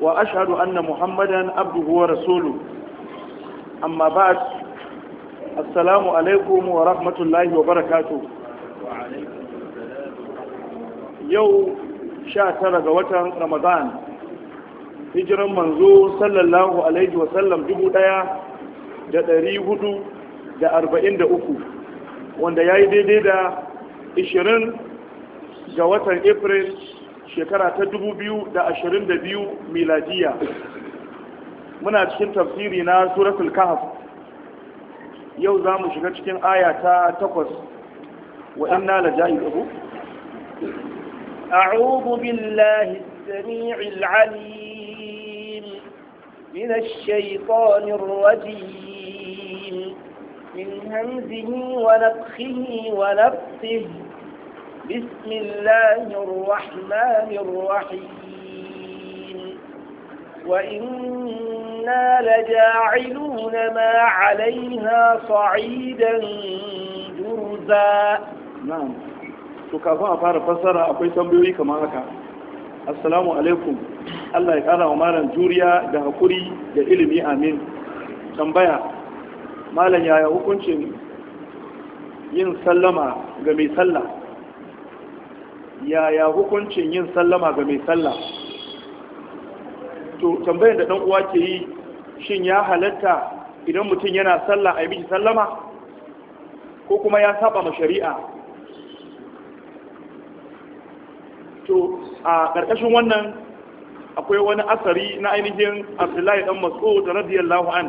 wa ashahadu anna muhammadan abduhu wa rasulu amma ba assalamu alaikum wa rahmatullahi wa barakatu yau sha tara ga watan ramadan hijiran manzo sallallahu alaihi wa sallam dubu ɗaya da ɗari hudu da arba'in da uku wanda ya yi daidai da ishirin ga watan afril. shekara ta 2022 miladiya muna cikin tafsiri na suratul kahf yau za mu shiga cikin aya ta takwas wa inna la ja'idu a'udhu billahi as-sami'il 'alim min ash-shaytanir rajim min hamzihi wa nafthihi wa nafthihi بسم الله الرحمن الرحيم وإنا لجاعلون ما عليها صعيدا جرزا نعم to kafin a fara fassara akwai tambayoyi kamar haka assalamu alaikum Allah ya kara wa malam juriya da hakuri da ilimi amin tambaya malam yaya hukuncin yin sallama ga mai sallah yaya hukuncin yin sallama ga mai sallah to tambayar da dan uwa ke yi shin ya halatta idan mutum yana sallah a yi miki sallama ko kuma ya saba ma shari'a to a ƙarƙashin wannan akwai wani asari na ainihin abdullahi dan mas'ud radiyallahu an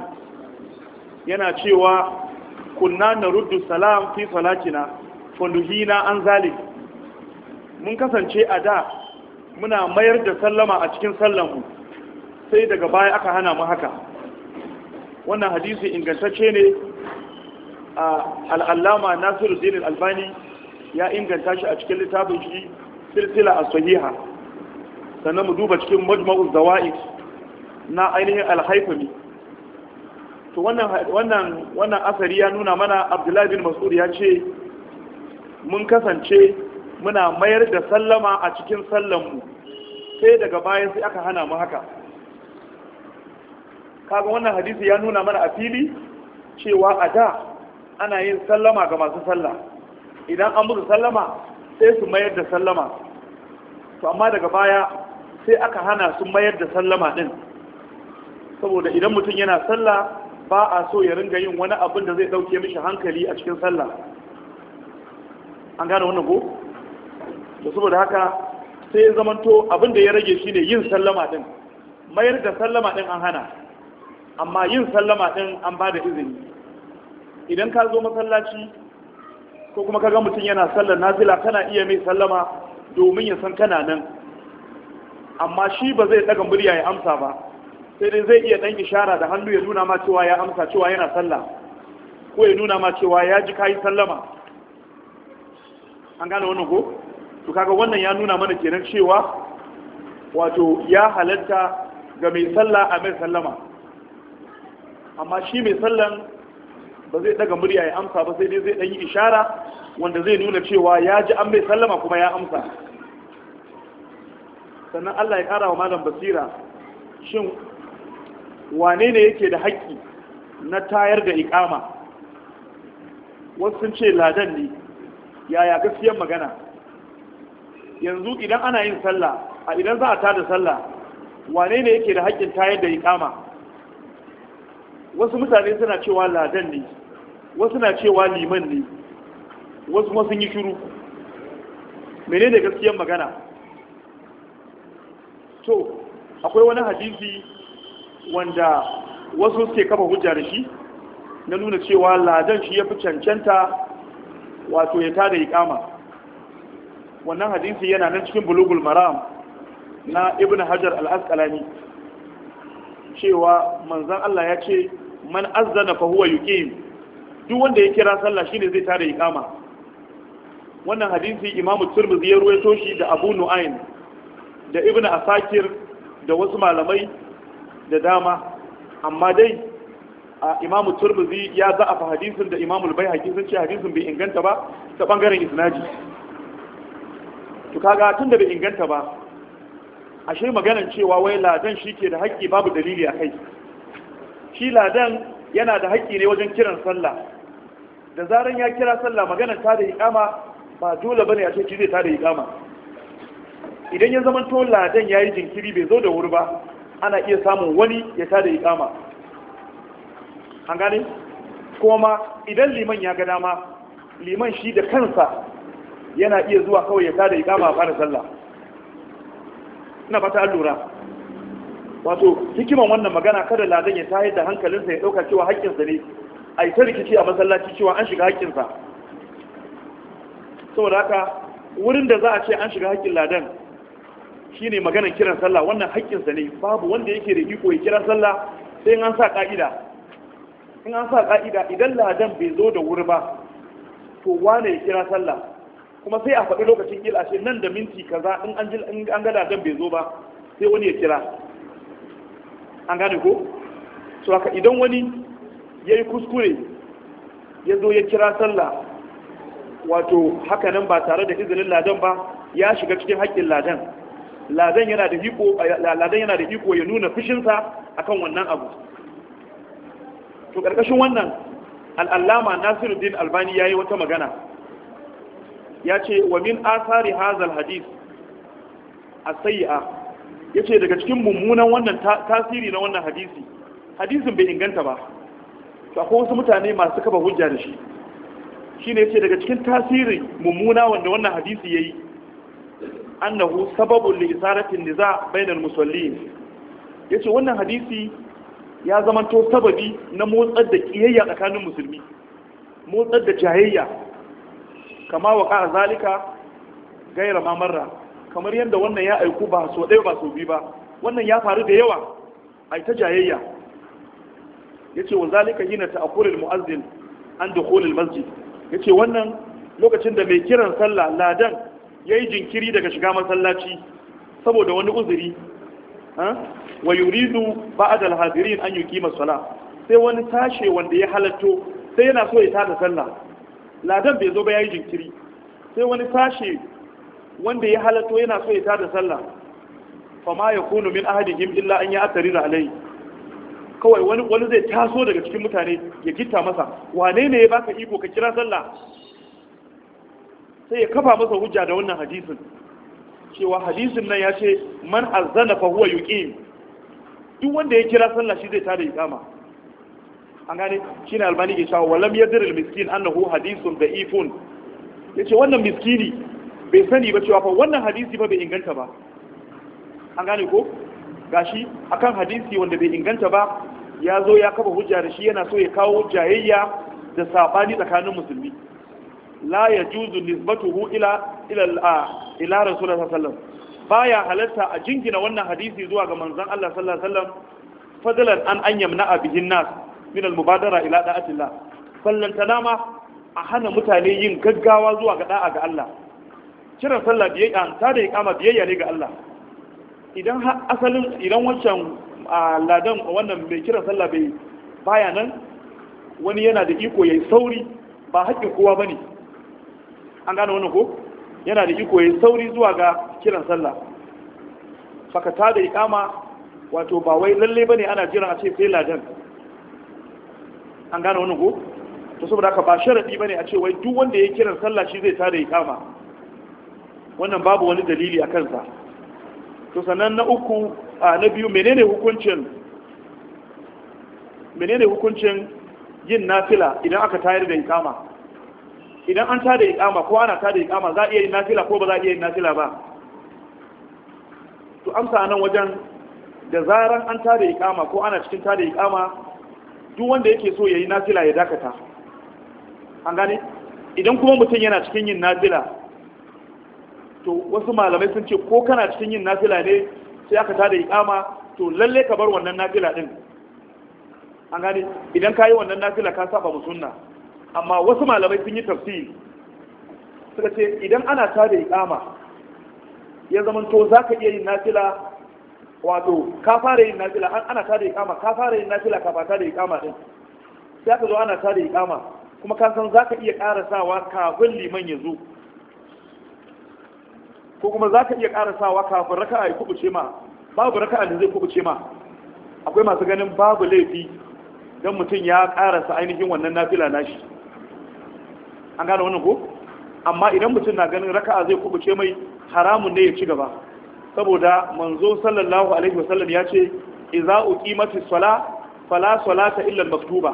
yana cewa kunna naruddu salam fi salatina fa nuhina an zalika mun kasance a da muna mayar da sallama a cikin sallanmu sai daga baya aka hana mu haka wannan hadisi ingantacce ne a al'allama nasiru dinin albani ya inganta shi a cikin littafin shi silsila a sahiha sannan mu duba cikin majma'ul zawa'id na ainihin alhaifami to wannan asari ya nuna mana abdullahi bin mas'ud ya ce mun kasance muna mayar da sallama a cikin sallanmu sai daga bayan sai aka hana mu haka kaga wannan hadisi ya nuna mana a fili cewa a da ana yin sallama ga masu salla. idan an musu sallama sai su mayar da sallama to amma daga baya sai aka hana su mayar da sallama din saboda idan mutum yana sallah ba a so ya ringa yin wani abin da zai dauke mishi hankali a cikin sallah an gane wannan ko Da saboda haka sai ya zamanto abin da ya rage shi ne yin sallama din mayar da sallama din an hana amma yin sallama din an ba da izini idan ka zo masallaci ko kuma ka ga mutum yana sallar nafila kana iya mai sallama domin ya san kana nan amma shi ba zai daga murya ya amsa ba sai dai zai iya dan ishara da hannu ya nuna ma cewa ya amsa cewa yana sallah ko ya nuna ma cewa ya ji kayi sallama an gane wannan ko to kaga wannan ya nuna mana kenan cewa wato ya halatta ga mai sallah a mai sallama amma shi mai sallan ba zai daga murya ya amsa ba sai dai zai dan yi ishara wanda zai nuna cewa ya ji an mai sallama kuma ya amsa sannan Allah ya ƙara wa malam basira shin wane ne yake da haƙƙi na tayar da ikama wasu sun ce ladan ne yaya gaskiyar magana yanzu idan ana yin sallah a idan za a tada sallah wane ne yake da haƙƙin tayar da iqama wasu mutane suna cewa ladan ne wasu na cewa liman ne wasu sun yi shiru menene gaskiyar magana to akwai wani hadisi wanda wasu suke kafa hujja da shi na nuna cewa ladan shi ya fi cancanta wato ya tada iqama wannan hadisi yana nan cikin bulugul maram na ibn hajar al-asqalani cewa manzon Allah ya ce man azzana fa huwa yuqim duk wanda ya kira sallah shine zai tare iqama wannan hadisi imamu tirmidhi ya ruwaito shi da abu nu'ayn da ibn asakir da wasu malamai da dama amma dai a imamu turmizi ya fa hadisin da imamul bai sun ce hadisin bai inganta ba ta bangaren isnadi to kaga tun da bai inganta ba ashe maganan cewa wai ladan shi ke da haƙƙi babu dalili a kai shi ladan yana da haƙƙi ne wajen kiran sallah da zaran ya kira sallah maganan ta da iqama ba dole bane a ce zai ta da iqama idan ya zama to ladan yayi jinkiri bai zo da wuri ba ana iya samun wani ya ta da iqama an gane kuma idan liman ya ga dama liman shi da kansa yana iya zuwa kawai ya tada ikama a fara sallah ina fata an lura wato hikiman wannan magana kada ladan ya tayar da hankalinsa ya dauka cewa haƙƙinsa ne a yi ta rikici a masallaci cewa an shiga haƙƙinsa saboda haka wurin da za a ce an shiga haƙƙin ladan shine maganar kiran sallah wannan haƙƙinsa ne babu wanda yake da iko ya kira sallah sai an sa ƙa'ida in an sa ka'ida idan ladan bai zo da wuri ba to wane ya kira sallah kuma sai a faɗi lokacin kila nan da minti kaza in an ji an gada bai zo ba sai wani ya kira an gane ko so haka idan wani ya yi kuskure ya zo ya kira sallah wato haka nan ba tare da izinin ladan ba ya shiga cikin haƙƙin ladan ladan yana da iko ya nuna fushinsa akan wannan abu to ƙarƙashin wannan al'allama nasiruddin albani ya yi wata magana ya ce wa min asari hazal hadis a sayi'a ya ce daga cikin mummunan wannan tasiri na wannan hadisi hadisin bai inganta ba to akwai wasu mutane masu kaba hujja da shi shi ne ce daga cikin tasiri mummuna wanda wannan hadisi ya yi annahu sababun li isaratin niza bainal musulli ya ce wannan hadisi ya zamanto sababi na motsar da kiyayya tsakanin musulmi motsar da jayayya kama wa ka zalika gaira ma kamar yadda wannan ya aiku ba so ɗaya ba so biyu ba wannan ya faru da yawa ai ta jayayya yace wa zalika hina ta'khurul mu'azzin an dukhulul masjid yace wannan lokacin da mai kiran sallah ladan yayi jinkiri daga shiga masallaci saboda wani uzuri wa yuridu ba'da al-hadirin an yuqima salah sai wani tashe wanda ya halatto sai yana so ya tada sallah ladan bai zo ba yayi jinkiri sai wani sashe wanda ya halatto yana so ya tada sallah fama yakunu min ahadihim illa an ya'tarira alai kawai wani wani zai taso daga cikin mutane ya gitta masa wane ne ya baka iko ka kira sallah sai ya kafa masa hujja da wannan hadisin cewa hadisin nan ya ce man azzana fa huwa yuqim duk wanda ya kira sallah shi zai tada ikama an gane shi ne albani ke shawo wallam ya dirar miskin annahu hadisun da ifun ya ce wannan miskini bai sani ba cewa fa wannan hadisi ba bai inganta ba an gane ko gashi akan hadisi wanda bai inganta ba ya zo ya kafa hujja da shi yana so ya kawo jayayya da sabani tsakanin musulmi la ya juzu nisbatuhu ila ila ila rasulullah sallallahu baya halatta a jingina wannan hadisi zuwa ga manzon Allah sallallahu alaihi wasallam fadlan an anyamna bihin nas min al-mubadara ila da'atillah sallan ma a hana mutane yin gaggawa zuwa ga da'a ga Allah kiran sallah biyayya ta da iqama biyayya ne ga Allah idan asalin idan wancan ladan wannan mai kiran sallah bai baya nan wani yana da iko yayi sauri ba haƙƙin kowa bane an gane wannan ko yana da iko yayi sauri zuwa ga kiran sallah ta da iqama wato ba wai lalle bane ana jira a ce sai ladan an gane wani ko to saboda haka ba sharadi bane a ce wai duk wanda ya kiran sallah shi zai tada ya kama wannan babu wani dalili a kansa to sannan na uku a na biyu menene hukuncin menene hukuncin yin nafila idan aka tayar da ikama idan an tada ikama ko ana tada ikama za a iya yin nafila ko ba za a iya yin nafila ba to amsa nan wajen da zaran an tada ikama ko ana cikin tada ikama duk wanda yake so ya yi nafila ya dakata an gane idan kuma mutum yana cikin yin nafila to wasu malamai sun ce ko kana cikin yin nafila ne sai aka tada ikama to lalle ka bar wannan nafila din an gane idan ka yi wannan nafila ka saba mu sunna amma wasu malamai sun yi tafsiri suka ce idan ana tada ikama ya za zaka iya yin nafila wato ka fara yin nafila ana ta da ikama ka fara yin nafila ka fata da ikama din sai aka zo ana ta da ikama kuma ka san za ka iya karasawa kafin liman ya zo ko kuma za ka iya karasawa kafin raka'a ya kubuce ma babu raka'a da zai kubuce ma akwai masu ganin babu laifi don mutum ya karasa ainihin wannan nafila nashi an gane wannan ko amma idan mutum na ganin raka'a zai kubuce mai haramun ne ya ci gaba saboda manzo sallallahu alaihi wasallam ya ce idza uqimati sala fala salata illa maktuba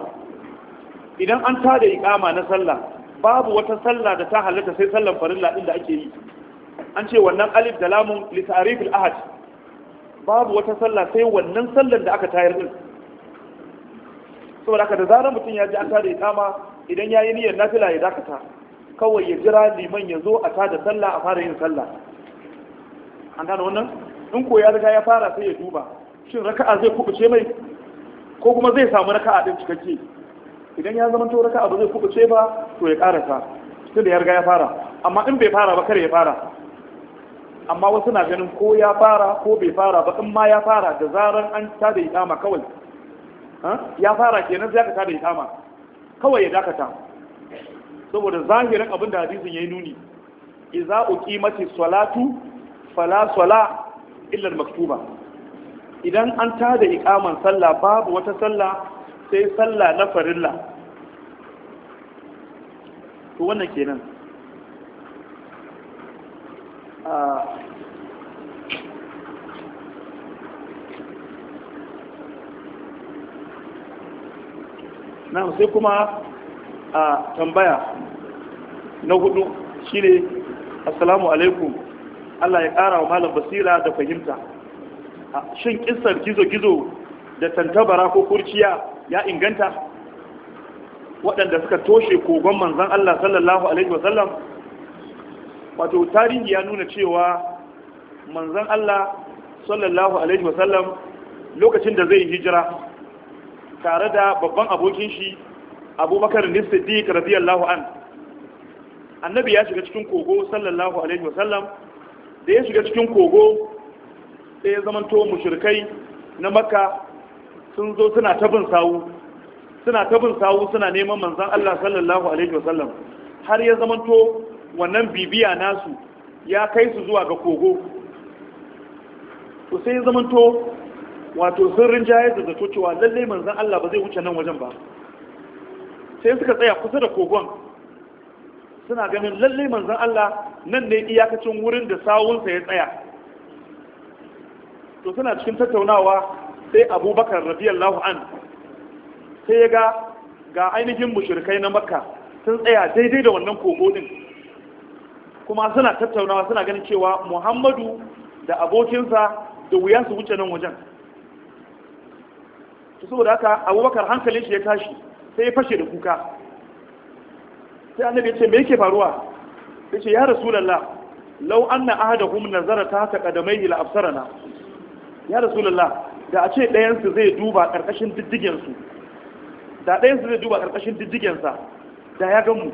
idan an tada iqama na sallah babu wata sallah da ta halatta sai sallan farilla din da ake yi an ce wannan alif da lamun li ta'rif ahad babu wata sallah sai wannan sallan da aka tayar din saboda haka da zarar mutum ya ji an tada iqama idan yayi niyyar nafila ya dakata kawai ya jira liman ya zo a tada sallah a fara yin sallah an gano wannan in ko ya riga ya fara sai ya duba shin raka'a zai kubuce mai ko kuma zai samu raka'a din cikakke idan ya zama to raka'a ba zai kubuce ba to ya karasa tun da ya riga ya fara amma in bai fara ba kare ya fara amma wasu na ganin ko ya fara ko bai fara ba in ma ya fara da zarar an ta da ikama kawai ya fara kenan zai ka da ikama kawai ya dakata saboda zahirin abin da hadisin yayi nuni idza uqimatis salatu fala sala illar maktuba idan an tada ikaman sallah babu wata sallah sai sallah na farilla to wannan kenan ah. na sai kuma a ah, tambaya na hudu shi shine assalamu alaikum Allah ya ƙara wa malam basira da fahimta shin kissar gizo-gizo da tantabara ko kurciya ya inganta waɗanda suka toshe kogon manzan Allah sallallahu alaihi wasallam wato tarihi ya nuna cewa manzan Allah sallallahu alaihi wasallam lokacin da zai hijira tare da babban abokin shi abubakar nisiddiq radiyallahu an annabi ya shiga cikin kogo sallallahu alaihi wasallam da ya shiga cikin kogo sai ya zamanto mushirkai na makka sun zo suna tabin sawu suna tabin sawu suna neman manzan Allah sallallahu alaihi wasallam har ya zamanto wannan bibiya nasu ya kai su zuwa ga kogo to sai ya zamanto wato sun rinjaye da zato cewa lallai manzan Allah ba zai wuce nan wajen ba sai suka tsaya kusa da kogon suna ganin lallai manzan Allah nan ne iyakacin wurin da sawunsa ya tsaya to suna cikin tattaunawa sai abubakar radiyallahu an sai ya ga ga ainihin mushirkai na makka sun tsaya daidai da wannan kogo din kuma suna tattaunawa suna ganin cewa muhammadu da abokinsa da wuya su wuce nan wajen saboda haka abubakar hankalin shi ya tashi sai ya fashe da kuka sai annabi ya ce me yake faruwa ya ce ya rasulallah lau an na ahada kuma nazara ta haka kadamai ila absarana ya rasulallah da a ce ɗayansu zai duba ƙarƙashin diddigensu da ɗayansu zai duba ƙarƙashin diddigensa da ya gan mu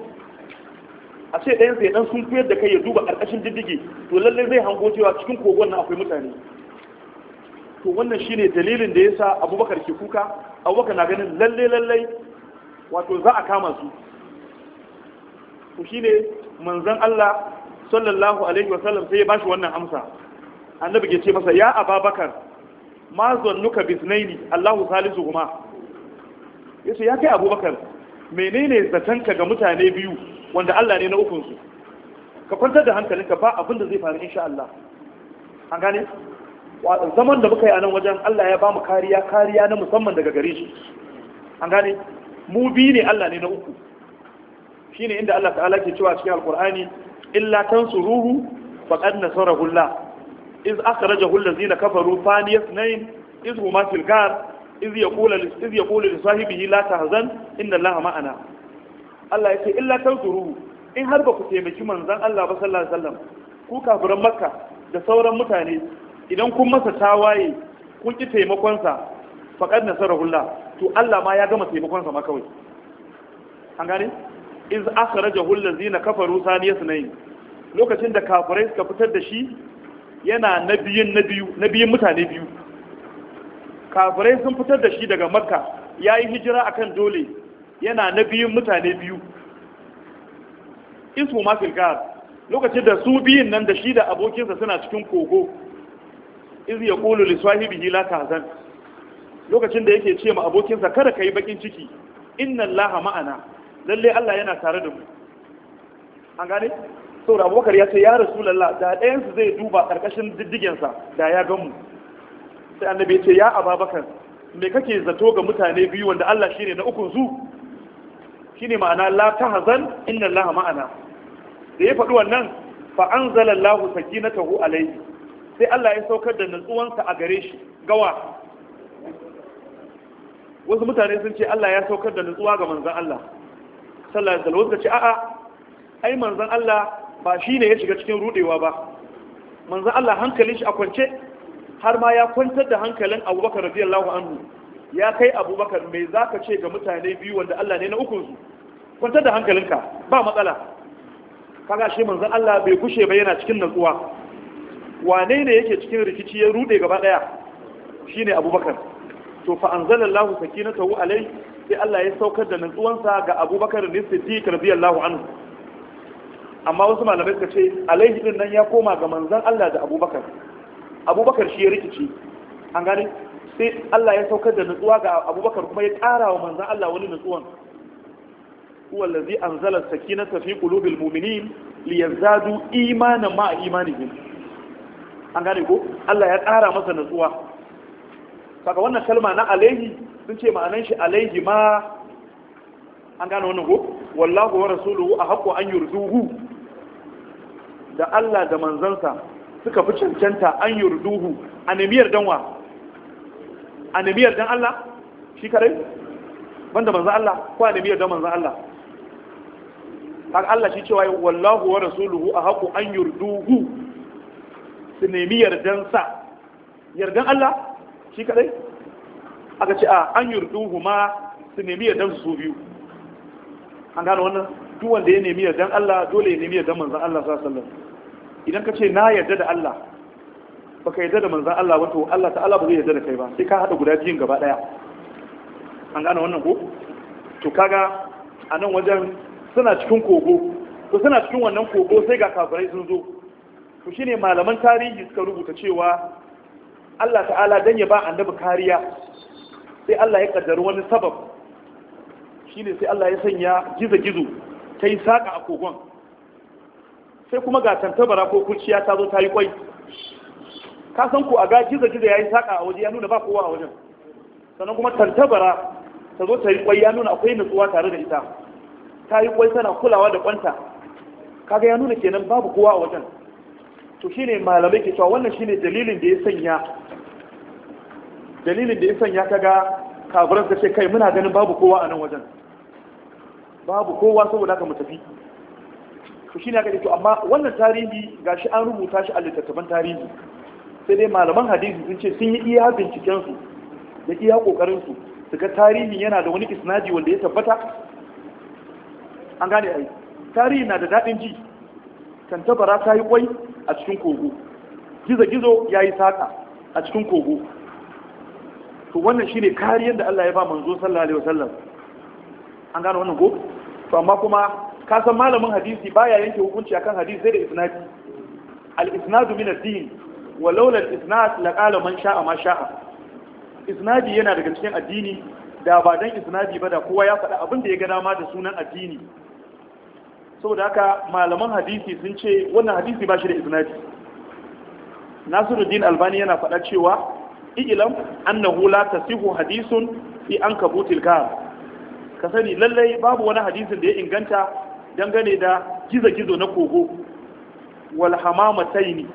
a ce ɗayansu ya ɗan sun fiyar da kai ya duba ƙarƙashin diddigi to lallai zai hango cewa cikin kogon nan akwai mutane to wannan shine dalilin da yasa abubakar ke kuka abubakar na ganin lalle lalle wato za a kama su to shine manzon Allah sallallahu alaihi wasallam sai ya ba shi wannan amsa annabi ke ce masa ya ababakar ma zannuka bisnaini Allahu kuma yace ya kai abubakar menene zatanka ga mutane biyu wanda Allah ne na ukun ka kwantar da hankalinka ba abin da zai faru insha Allah an gane zaman da muka yi a nan wajen Allah ya ba mu kariya kariya na musamman daga gare shi an gane mu biyu ne Allah ne na uku shine inda Allah ta'ala ke cewa cikin alqur'ani illa tansuruhu faqad nasarahu Allah iz akhrajahu allazina kafaru thaniya ithnain iz huma fil ghar iz yaqulu iz yaqulu li sahibihi la tahzan inna Allah ma'ana Allah ya ce illa tansuruhu in har ba ku taimaki manzon Allah ba sallallahu alaihi wasallam ku kafiran makka da sauran mutane idan kun masa tawaye kun ki taimakonsa faƙad nasararullah to Allah ma ya gama taimakonsa ma kawai an gane iz akhrajahu allazina kafaru saniyas nayi lokacin da kafirai suka fitar da shi yana nabiyin nabiyu nabiyin mutane biyu kafirai sun fitar da shi daga makka yayi hijira akan dole yana nabiyin mutane biyu isu ma fil lokacin da su biyun nan da shi da abokinsa suna cikin kogo iz ya kulu li sahibihi la tahzan lokacin da yake ce ma abokinsa kada kai bakin ciki inna allaha ma'ana lalle Allah yana tare da mu an gane saboda abubakar ya ce ya rasulallah da ɗayansu zai duba ƙarƙashin diddigensa da ya gan mu sai annabi ya ce ya ababakar me kake zato ga mutane biyu wanda Allah shine na ukun zu shine ma'ana la tahzan inna Allah ma'ana da ya faɗi wannan fa anzala Allah sakinatahu alayhi sai Allah ya saukar da nutsuwansa a gare shi gawa wasu mutane sun ce Allah ya saukar da nutsuwa ga manzon Allah sallallahu da wasallam ce a'a ai manzan Allah ba shine ya shiga cikin rudewa ba manzan Allah hankalin shi a kwance har ma ya kwantar da hankalin Abubakar radiyallahu anhu ya kai Abubakar me zaka ce ga mutane biyu wanda Allah ne na ukunsu kwantar da hankalinka ba matsala kaga shi manzan Allah bai gushe ba yana cikin natsuwa wane ne yake cikin rikici ya rude gaba daya shine Abubakar to fa anzalallahu sakinatahu alai sai Allah ya saukar da nutsuwansa ga abubakar ne siddiq radiyallahu anhu amma wasu malamai suka ce alaihi din nan ya koma ga manzon Allah da abubakar abubakar shi ya rikici an gane sai Allah ya saukar da nutsuwa ga abubakar kuma ya ƙara wa manzon Allah wani nutsuwan huwa allazi anzala sakinata fi qulubil mu'minin liyazdadu imanan ma imanihim an gane ko Allah ya ƙara masa nutsuwa saka wannan kalma na alaihi sun ce ma'anan shi alaihi ma an gane wannan ko wallahu wa rasuluhu a haƙo an yurduhu da Allah da manzansa suka fi cancanta an yurduhu a nemiyar danwa a nemiyar dan Allah shi kare da manzan Allah ko a nemiyar dan manzan Allah haka Allah shi cewa wallahu wa rasuluhu a haƙo an yurduhu su nemi yardansa yardan Allah shi kadai aka ce a ah, an yurduhu ma su nemi dan su biyu an gano wannan duk wanda ya nemi dan Allah dole ya nemi dan manzon Allah sallallahu alaihi wasallam idan ka ce na yarda da Allah baka yarda da manzon Allah wato Allah ta'ala ba zai yarda da kai ba sai ka hada guda biyun gaba daya an gano wannan ko to kaga a nan wajen suna cikin kogo to suna cikin wannan kogo sai ga kafirai sun zo to shine malaman tarihi suka rubuta cewa Allah ta'ala dan ya ba annabi kariya sai Allah ya kaddara wani sabab shine sai Allah ya sanya gizo-gizo ta yi saƙa a kogon sai kuma ga tantabara ko kurciya ta zo ta yi kwai ka san ko a ga gizo-gizo ya yi saƙa a waje ya nuna ba kowa a wajen sannan kuma tantabara ta zo ta yi kwai ya nuna akwai nutsuwa tare da ita ta yi kwai tana kulawa da kwanta kaga ya nuna kenan babu kowa a wajen to shine malamai ke cewa wannan shine dalilin da ya sanya dalilin da ya sanya ka ga kafiran ka ce kai muna ganin babu kowa a nan wajen babu kowa saboda ka mu tafi to shine aka to amma wannan tarihi gashi an rubuta shi a littattafan tarihi sai dai malaman hadisi sun ce sun yi iya binciken su da iya kokarin su su ga tarihi yana da wani isnadi wanda ya tabbata an gane ai tarihi na da dadin ji kan tabara ta yi kwai a cikin kogo gizo gizo ya yi saka a cikin kogo to wannan ne kariyar da Allah ya ba manzo sallallahu alaihi wasallam an gano wannan ko to amma kuma ka san malamin hadisi baya yanke hukunci akan hadisi sai da isnadi al isnadu min ad-din wa laula al isnad la qala man sha'a ma sha'a isnadi yana daga cikin addini da ba dan isnadi ba da kowa ya faɗa abin da ya ga dama da sunan addini saboda haka malaman hadisi sun ce wannan hadisi ba shi da isnadi nasiruddin albani yana faɗa cewa ilam annahu la tasihu hadithun fi ankabutil kahf ka sani lallai babu wani hadisin da ya inganta dangane da gizo-gizo na kogo wal hamamataini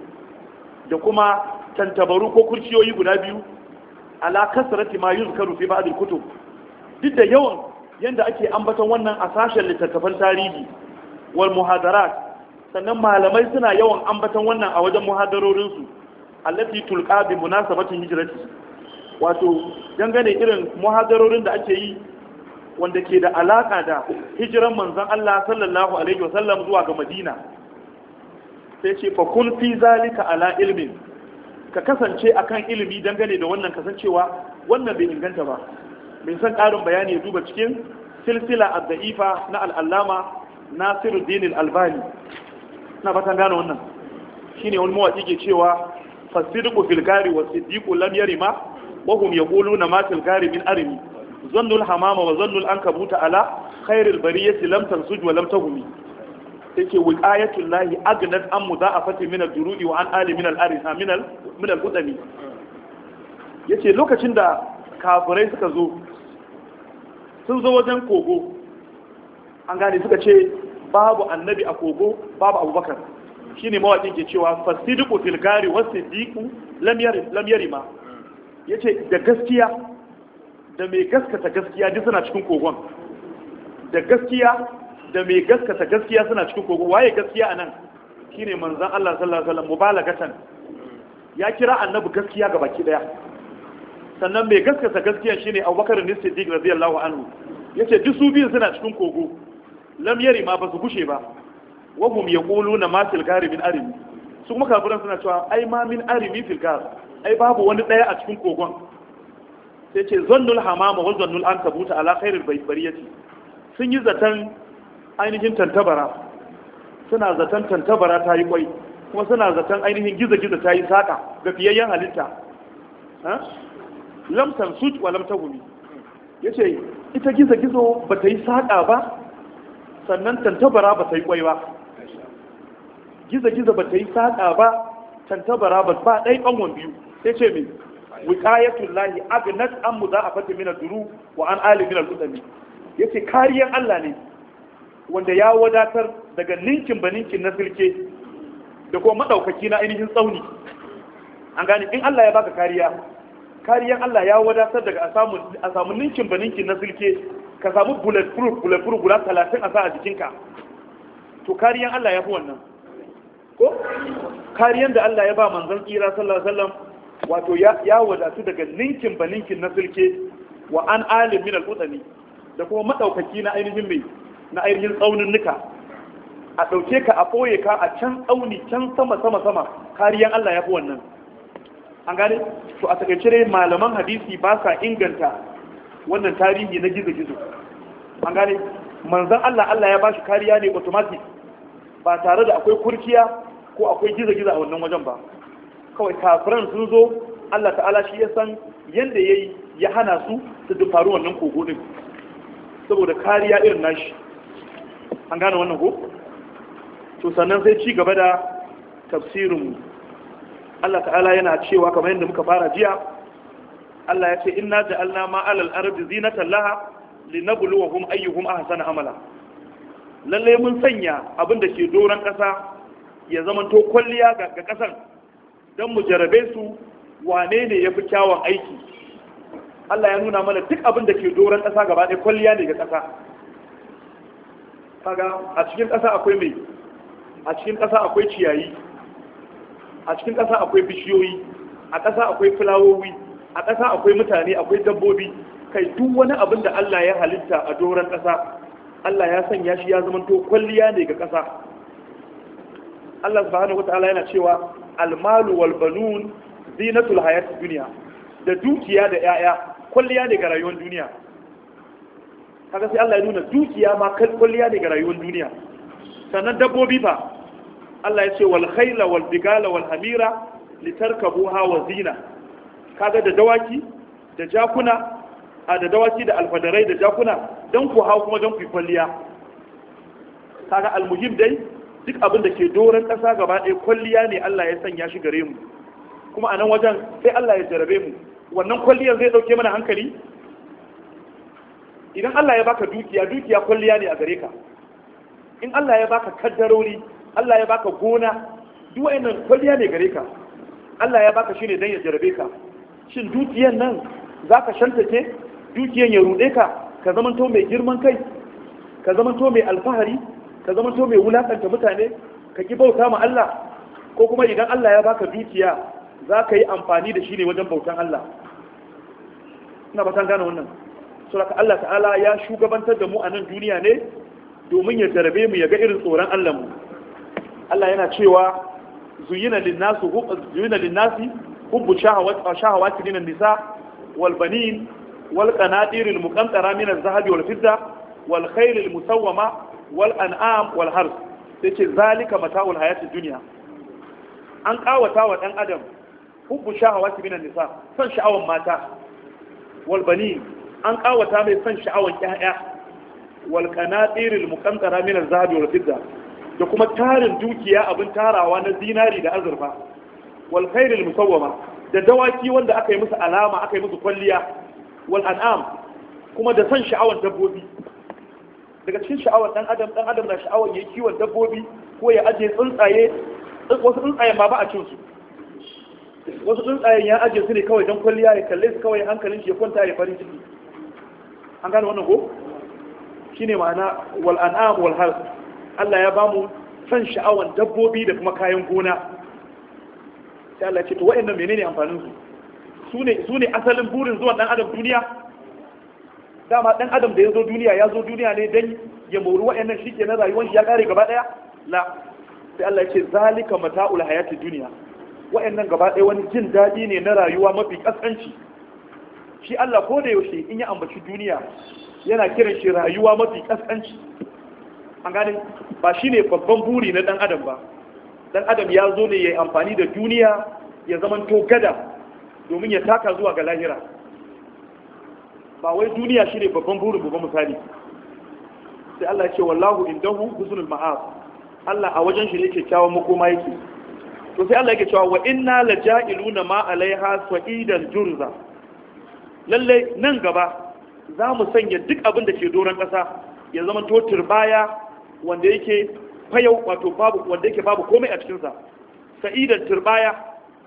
da kuma tantabaru ko kurciyoyi guda biyu ala kasrati ma yuzkaru fi ba'd al-kutub duk da yawan yanda ake ambaton wannan a sashen littattafan tarihi wal muhadarat sannan malamai suna yawan ambaton wannan a wajen muhadarorinsu allati tulka bi munasabatin hijrati wato dangane irin muhadarorin da ake yi wanda ke da alaka da hijiran manzon Allah sallallahu alaihi wasallam zuwa ga Madina sai ce fa kun fi zalika ala ilmin ka kasance akan ilimi dangane da wannan kasancewa wannan bai inganta ba min san karin bayani duba cikin silsila ad-da'ifa na al-allama Nasiruddin al-Albani na fatan gane wannan shine wani mawaki ke cewa fasidiku fil gari wa sidiku lam yarima wa hum yaquluna ma fil gari min arimi al hamama wa al ankabuta ala khairil bariyati lam tansuj wa lam tahumi yake wiqayatul lahi agnat an mudafati min ad-durudi wa an ali min al-arisa min al min al-qudami yace lokacin da kafirai suka zo sun zo wajen kogo an gane suka ce babu annabi a kogo babu abubakar shine mawakin ke cewa fasidiku filgari wasu diku lamyari ma ya ce da gaskiya da mai gaskata gaskiya duk suna cikin kogon da gaskiya da mai gaskata gaskiya suna cikin kogon waye gaskiya a nan shine manzan Allah sallallahu alaihi wasallam mubalagatan ya kira annabi gaskiya ga baki daya sannan mai gaskata gaskiya shine Abubakar bin Siddiq radiyallahu anhu yace duk su biyu suna cikin kogo lam yari ma ba su gushe ba wahum yaquluna ma fil gari min arimi su kuma kafiran suna cewa ai ma min arimi fil gari ai babu wani daya a cikin kogon sai ce zannul hamama wa zannul ankabuta ala khairil bariyati sun yi zaton ainihin tantabara suna zaton tantabara ta yi kwai kuma suna zaton ainihin giza-giza ta yi saka ga fiyayyen halitta lamsan suci wa lamta gumi ya ce ita giza-gizo ba ta yi saka ba sannan tantabara ba ta yi kwai ba giza-giza ba ta yi saƙa ba tantabara ba ba ɗai ɓangon biyu sai ce me, wiƙayatun lahi agnat an mu za a fata mina duru wa an ali mina kutsami ya ce kariyar allah ne wanda ya wadatar daga ninkin ba ninkin na silke da kuma maɗaukaki na ainihin tsauni an gane in allah ya baka kariya kariyar allah ya wadatar daga a samu ninkin ba ninkin na silke ka samu bulletproof bulletproof guda talatin a sa a jikinka to kariyar allah ya fi wannan ko kariyar da Allah ya ba manzan kira sallallahu alaihi wato ya wadatu daga ninkin ba ninkin na sulke wa an alim min al-qutani da kuma madaukaki na ainihin mai na ainihin tsaunin nuka a dauke ka a boye ka a can tsauni can sama sama sama kariyar Allah ya fi wannan an gane to a takaice dai malaman hadisi ba sa inganta wannan tarihi na gizo gizo an gane manzan Allah Allah ya ba shi kariya ne automatic ba tare da akwai kurkiya ko akwai gizo-gizo a wannan wajen ba kawai kafiran sun zo Allah ta'ala shi ya san yadda ya ya hana su su da faru wannan kogo saboda kariya irin nashi an gane wannan ko to sannan sai ci gaba da tafsirin Allah ta'ala yana cewa kamar yadda muka fara jiya Allah ya ce inna ja'alna ma alal tallaha zinatan laha linabluwahum ayyuhum ahsana amala lalle mun sanya abin da ke doron ƙasa ya zamanto kwalliya ga ƙasan don mu jarabe su wane ne ya fi kyawun aiki Allah ya nuna mana duk abin da ke doron ƙasa gaba ɗaya kwalliya ne ga ƙasa kaga a cikin ƙasa akwai mai a cikin ƙasa akwai ciyayi a cikin ƙasa akwai bishiyoyi a ƙasa akwai fulawowi a ƙasa akwai mutane akwai dabbobi kai duk wani abin da Allah ya halitta a doron ƙasa Allah ya sanya shi ya zamanto kwalliya ne ga ƙasa Allah subhanahu wataala yana cewa almalu wal banun zinatul hayatid dunya da dukiya da yaya kwalliya ne ga rayuwar duniya kaga sai Allah ya nuna dukiya ma kwalliya ne ga rayuwar duniya sannan dabbobi fa Allah ya ce wal khayla wal bigala wal hamira litarkabuha wa zina kaga da dawaki da jakuna a da dawaki da alfadarai da jakuna don ku hau kuma don ku kwalliya kaga almuhim dai duk abin da ke doron ƙasa gaba ɗaya kwalliya ne Allah ya sanya shi gare mu kuma a nan wajen sai Allah ya jarabe mu wannan kwalliyar zai ɗauke mana hankali idan Allah ya baka dukiya dukiya kwalliya ne a gare ka in Allah ya baka kaddarori Allah ya baka gona duk wannan kwalliya ne gare ka Allah ya baka shine dan ya jarabe ka shin dukiyan nan zaka shantake dukiyan ya rude ka ka zamanto mai girman kai ka zamanto mai alfahari ka zamanto mai wulakanta mutane ka ki bauta ma Allah ko kuma idan Allah ya baka dukiya za ka yi amfani da shi ne wajen bautan Allah ina batan gane wannan saboda Allah ta'ala ya shugabantar da mu a nan duniya ne domin ya tarbe mu ya ga irin tsoron Allah mu Allah yana cewa zuyina linnasu zuyina linnasi hubbu shahawati nisa wal banin wal qanadiril muqantara min az-zahabi wal fidda wal khaylil musawwama wal an'am wal hars zalika mata'ul hayatid dunya an kawata wa dan adam hubbu shahawati min an-nisa san sha'awan mata wal an kawata mai son sha'awar 'ya'ya. wal qanadiril muqantara fidda da kuma tarin dukiya abin tarawa na zinari da azurfa wal musawama da dawaki wanda aka yi musu alama aka yi musu kwalliya wal an'am kuma da san sha'awar dabbobi daga cikin sha'awar dan adam dan adam na sha'awar yayi kiwon dabbobi ko ya aje tsuntsaye wasu tsuntsaye ma ba a cin su wasu tsuntsayen ya aje su ne kawai don kwalliya ya kalle su kawai hankalin shi ya kwanta ya farin ciki an gane wannan ko shine ma'ana wal an'am wal Allah ya bamu san sha'awan dabbobi da kuma kayan gona sai Allah ya ce to wa'annan menene amfanin su su ne asalin burin zuwan dan adam duniya dama dan adam da ya zo duniya ya zo duniya ne dan ya mori wa'annan shi ke na rayuwar shi ya kare gaba daya la sai Allah ce zalika mata'ul hayati duniya wa'annan gaba daya wani jin daɗi ne na rayuwa mafi kasanci shi Allah ko da yaushe in ya ambaci duniya yana kiran shi rayuwa mafi kaskanci an gane ba ne babban buri na dan adam ba dan adam ya zo ne ya yi amfani da duniya ya to gada domin ya taka zuwa ga lahira ba wai duniya shi ne babban burin babban misali sai Allah ya ce wallahu indahu husnul ma'ab Allah a wajen shi ne kyakkyawan makoma yake to sai Allah yake cewa wa inna laja'iluna ma alaiha sa'idan jurza lalle nan gaba za mu sanya duk abin da ke doron ƙasa ya zama to turbaya wanda yake fayau wato babu wanda yake babu komai a cikin sa sa'idan turbaya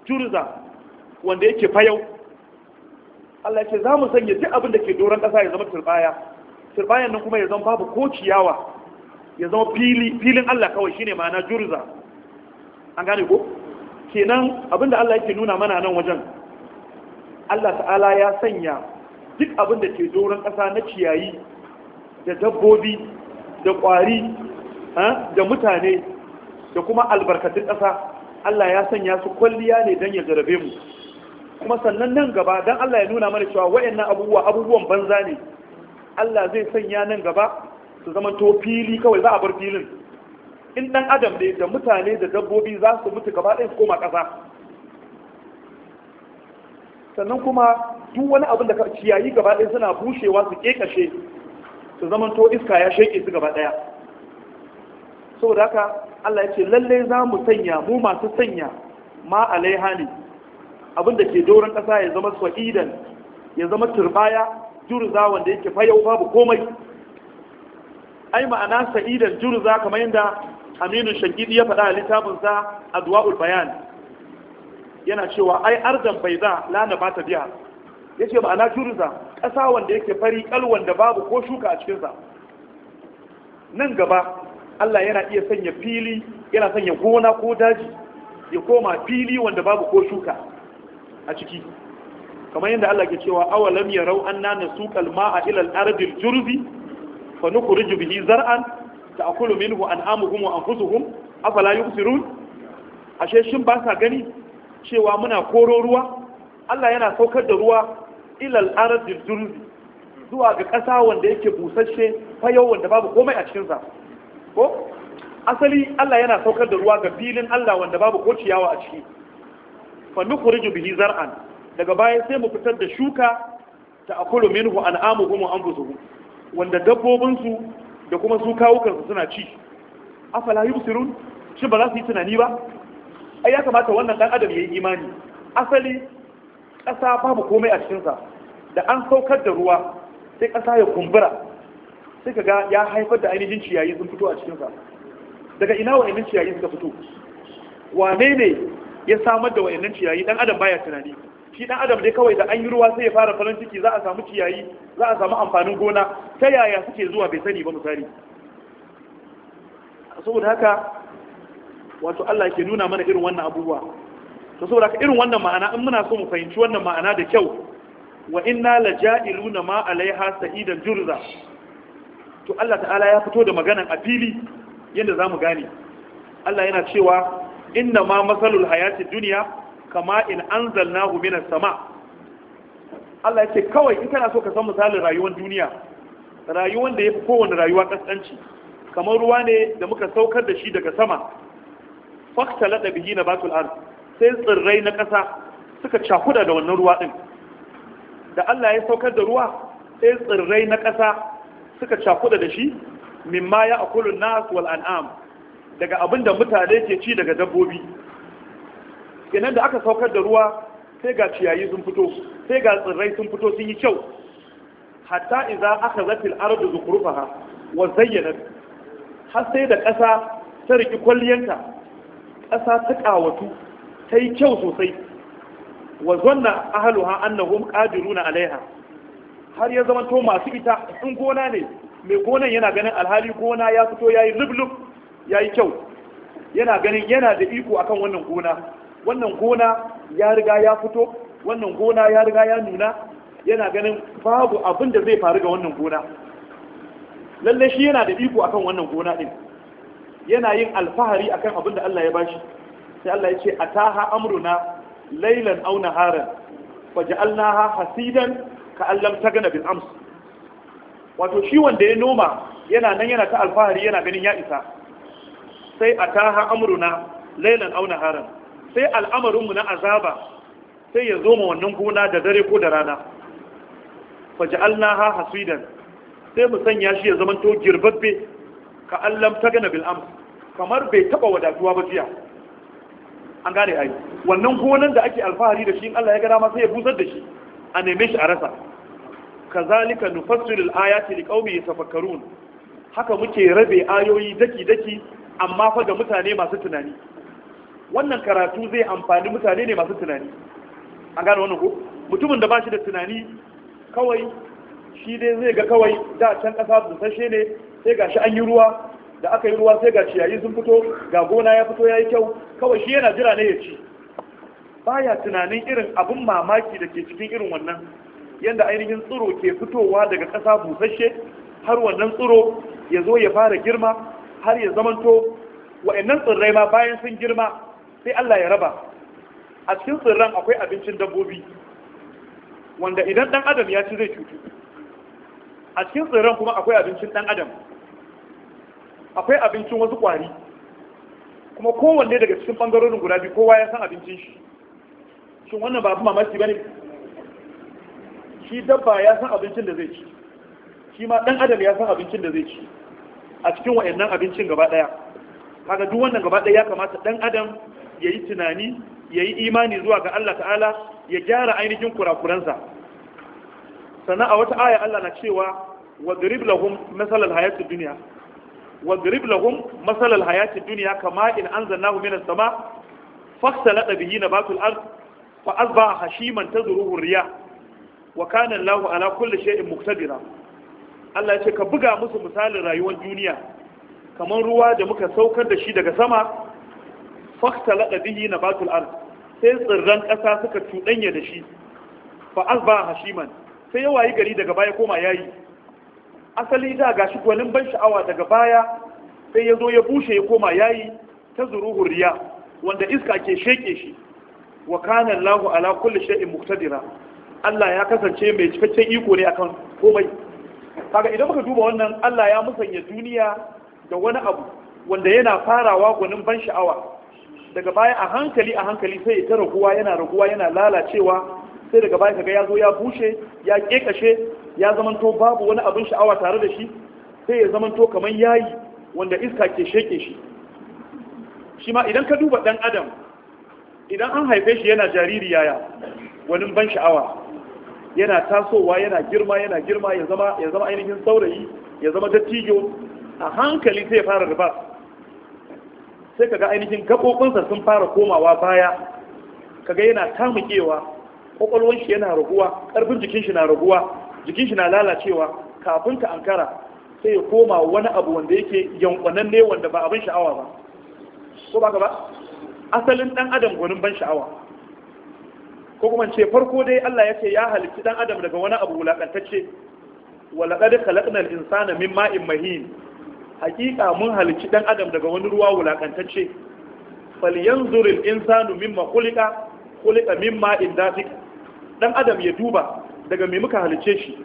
jurza wanda yake fayau Allah ya ce za mu sanya duk abin da ke doron ƙasa ya zama turbaya turbayan nan kuma ya zama babu ko ciyawa ya zama fili filin Allah kawai shine ma'ana jurza an gane ko kenan abin da Allah yake nuna mana nan wajen Allah ta'ala ya sanya duk abin da ke doron ƙasa na ciyayi da dabbobi da ƙwari da mutane da kuma albarkatun ƙasa Allah ya sanya su kwalliya ne don ya jarabe mu kuma sannan nan gaba don Allah ya nuna mana cewa waɗannan abubuwa abubuwan banza ne Allah zai sanya nan gaba su zama to fili kawai za a bar filin in dan adam ne da mutane da dabbobi za su mutu gaba ɗaya su koma ƙasa sannan kuma duk wani abin da ka ciyayi gaba ɗaya suna bushewa su ƙeƙashe su zama to iska ya sheƙe su gaba ɗaya saboda haka Allah ya ce lallai za mu sanya mu masu sanya ma alaiha ne abin da ke doron ƙasa ya zama swa'idan ya zama turbaya jurza wanda yake fayau babu komai ai ma'ana sa'idan jurza kamar yadda aminu shagidi ya faɗa a littafinsa a duwa'ul bayan yana cewa ai arzan bai za lana ba ta biya ya ce ma'ana jurza ƙasa wanda yake fari ƙalwan da babu ko shuka a cikinsa nan gaba allah yana iya sanya fili yana sanya gona ko daji ya koma fili wanda babu ko shuka a ciki kamar yadda Allah ke cewa awalam an nana nasuqal ma'a a al-ardil jurzi fa nukhriju bihi zar'an akulu minhu an'amuhum wa anfusuhum afala yubsirun ashe shin ba sa gani cewa muna koro ruwa Allah yana saukar da ruwa ilal arabin jurzi zuwa ga ƙasa wanda yake busasshe yau wanda babu komai a cikinsa ko asali Allah yana saukar da ruwa ga filin Allah wanda babu ko ciyawa a ciki fa nukhriju bihi zar'an daga baya sai mu fitar da shuka ta akulu minhu kuma an anfusuhum wanda dabbobin su da kuma su kawukan suna ci afala yubsirun shi ba za su yi tunani ba ai ya kamata wannan dan adam yi imani asali ƙasa babu komai a cikinsa da an saukar da ruwa sai ƙasa ya kumbura sai ka ga ya haifar da ainihin ciyayi sun fito a cikinsa daga ina wa ainihin ciyayi suka fito wane ne ya samar da wayannan ciyayi dan adam baya tunani shi dan adam dai kawai da an yi ruwa sai ya fara farin ciki za a samu ciyayi za a samu amfanin gona ta yaya suke zuwa bai sani ba misali saboda haka wato Allah ke nuna mana irin wannan abubuwa to saboda haka irin wannan ma'ana in muna so mu fahimci wannan ma'ana da kyau wa inna laja'iluna ma alaiha sa'idan jurza to Allah ta'ala ya fito da maganan a fili yadda za gane Allah yana cewa inna ma haya hayati duniya kama in anzalnahu minas sama Allah ya ce kawai in kana so ka san misalin rayuwar duniya rayuwar da yafi kowane rayuwa kaskanci kamar ruwa ne da muka saukar da shi daga sama fakta lada bihi na batul ard sai tsirrai na ƙasa suka cakuda da wannan ruwa ɗin. da Allah ya saukar da ruwa sai tsirrai na ƙasa suka cakuda da shi mimma ya akulun nas wal an'am daga abin da mutane ke ci daga dabbobi kenan da aka saukar da ruwa sai ga ciyayi sun fito sai ga tsirrai sun fito sun yi kyau hatta idza zafi al-ardu zukhrufaha wa zayyanat har sai da ƙasa ta riki kwalliyanta ƙasa ta ƙawatu ta yi kyau sosai wa zanna ahluha annahum qadiruna alaiha har ya zama to masu ita in gona ne mai gonan yana ganin alhali gona ya fito yayi lublub ya yi kyau yana ganin yana da iko akan wannan gona wannan gona ya riga ya fito wannan gona ya riga ya nuna yana ganin babu abin da zai faru ga wannan gona lalle shi yana da iko akan wannan gona din yana yin alfahari akan abin da Allah ya bashi sai Allah ya ce ataha amruna laylan aw naharan faj'alnaha hasidan ka allam tagana bil ams wato shi wanda ya noma yana nan yana ta alfahari yana ganin ya isa sai a taha amruna lailan auna haram. sai al'amarinmu na azaba sai ya zo ma wannan gona da dare ko da rana faj'alnaha hasidan sai mu sanya shi ya zamanto girbabbe ka allam ta gana bil'am. kamar bai taba wadatuwa ba jiya an gane ai wannan gonan da ake alfahari da shi in Allah ya gara ma sai ya busar da shi a neme shi a rasa kazalika nufassilu al-ayati liqaumi yatafakkarun haka muke rabe ayoyi daki daki amma fa ga mutane masu tunani wannan karatu zai amfani mutane ne masu tunani an gane wannan ko mutumin da ba shi da tunani kawai shi dai zai ga kawai da can ƙasa busasshe ne sai ga shi an yi ruwa da aka yi ruwa sai ga ciyayi sun fito ga gona ya fito ya yi kyau kawai shi yana jira ne ya ci baya tunanin irin abin mamaki da ke cikin irin wannan yadda ainihin tsiro ke fitowa daga ƙasa busasshe, har wannan tsiro ya zo ya fara girma har ya zamanto wa'annan tsirrai ma bayan sun girma sai Allah ya raba a cikin tsirran akwai abincin dabbobi wanda idan dan adam ya ci zai cutu a cikin tsirran kuma akwai abincin dan adam akwai abincin wasu kwari kuma kowanne daga cikin bangarorin guda biyu kowa ya san abincin shi shin wannan ba mamaki bane shi dabba ya san abincin da zai ci shi ma dan adam ya san abincin da zai ci a cikin wayannan abincin gaba ɗaya. kaga duk wannan gaba ɗaya ya kamata dan adam ya yi tunani yayi imani zuwa ga Allah ta'ala ya gyara ainihin kurakuransa sannan a wata aya Allah na cewa wadrib lahum masalal hayatid dunya wadrib lahum masalal hayatid dunya kama in anzalnahu minas sama fakhsalata bihi nabatul ard fa asbaha hashiman tazruhu riyah wa kana Allahu ala kulli shay'in muqtadira Allah ya ce ka buga musu misalin rayuwar duniya kamar ruwa da muka saukar da shi daga sama fakta laɗaɗihi na batul ard sai tsirran ƙasa suka cuɗanya da shi fa ba hashiman sai ya wayi gari daga baya koma yayi asali da gashi gwanin ban sha'awa daga baya sai ya zo ya bushe ya koma yayi ta zuruhu riya wanda iska ke sheke shi wa kana Allahu ala kulli shay'in muqtadira Allah ya kasance mai cikakken iko ne akan komai kaga idan muka duba wannan Allah ya musanya duniya da wani abu wanda yana farawa gwanin ban sha'awa daga baya a hankali a hankali sai ta raguwa yana raguwa yana lalacewa sai daga baya kaga ya zo ya bushe ya kekashe ya zamanto babu wani abin sha'awa tare da shi sai ya zamanto kamar yayi wanda iska ke sheke shi shi ma idan ka duba dan adam idan an haife shi yana jariri yaya wani ban sha'awa yana tasowa yana girma yana girma ya zama ya zama ainihin saurayi ya zama dattijo a hankali sai ya fara rufa sai kaga ainihin gaɓoɓinsa sun fara komawa baya kaga yana tamukewa kwakwalwar shi yana raguwa ƙarfin jikin shi na raguwa jikin shi na lalacewa kafin ka ankara sai ya koma wani abu wanda yake yankwanan wanda ba abin sha'awa ba ko ba ba asalin ɗan adam gwanin ban sha'awa ko kuma ce farko dai Allah ya ce ya halitta dan adam daga wani abu wulakantacce walaqad al insana min ma'in mahin hakika mun halitta dan adam daga wani ruwa wulakantacce falyanzur al-insanu mimma khuliqa khuliqa min ma'in dafiq dan adam ya duba daga me muka halice shi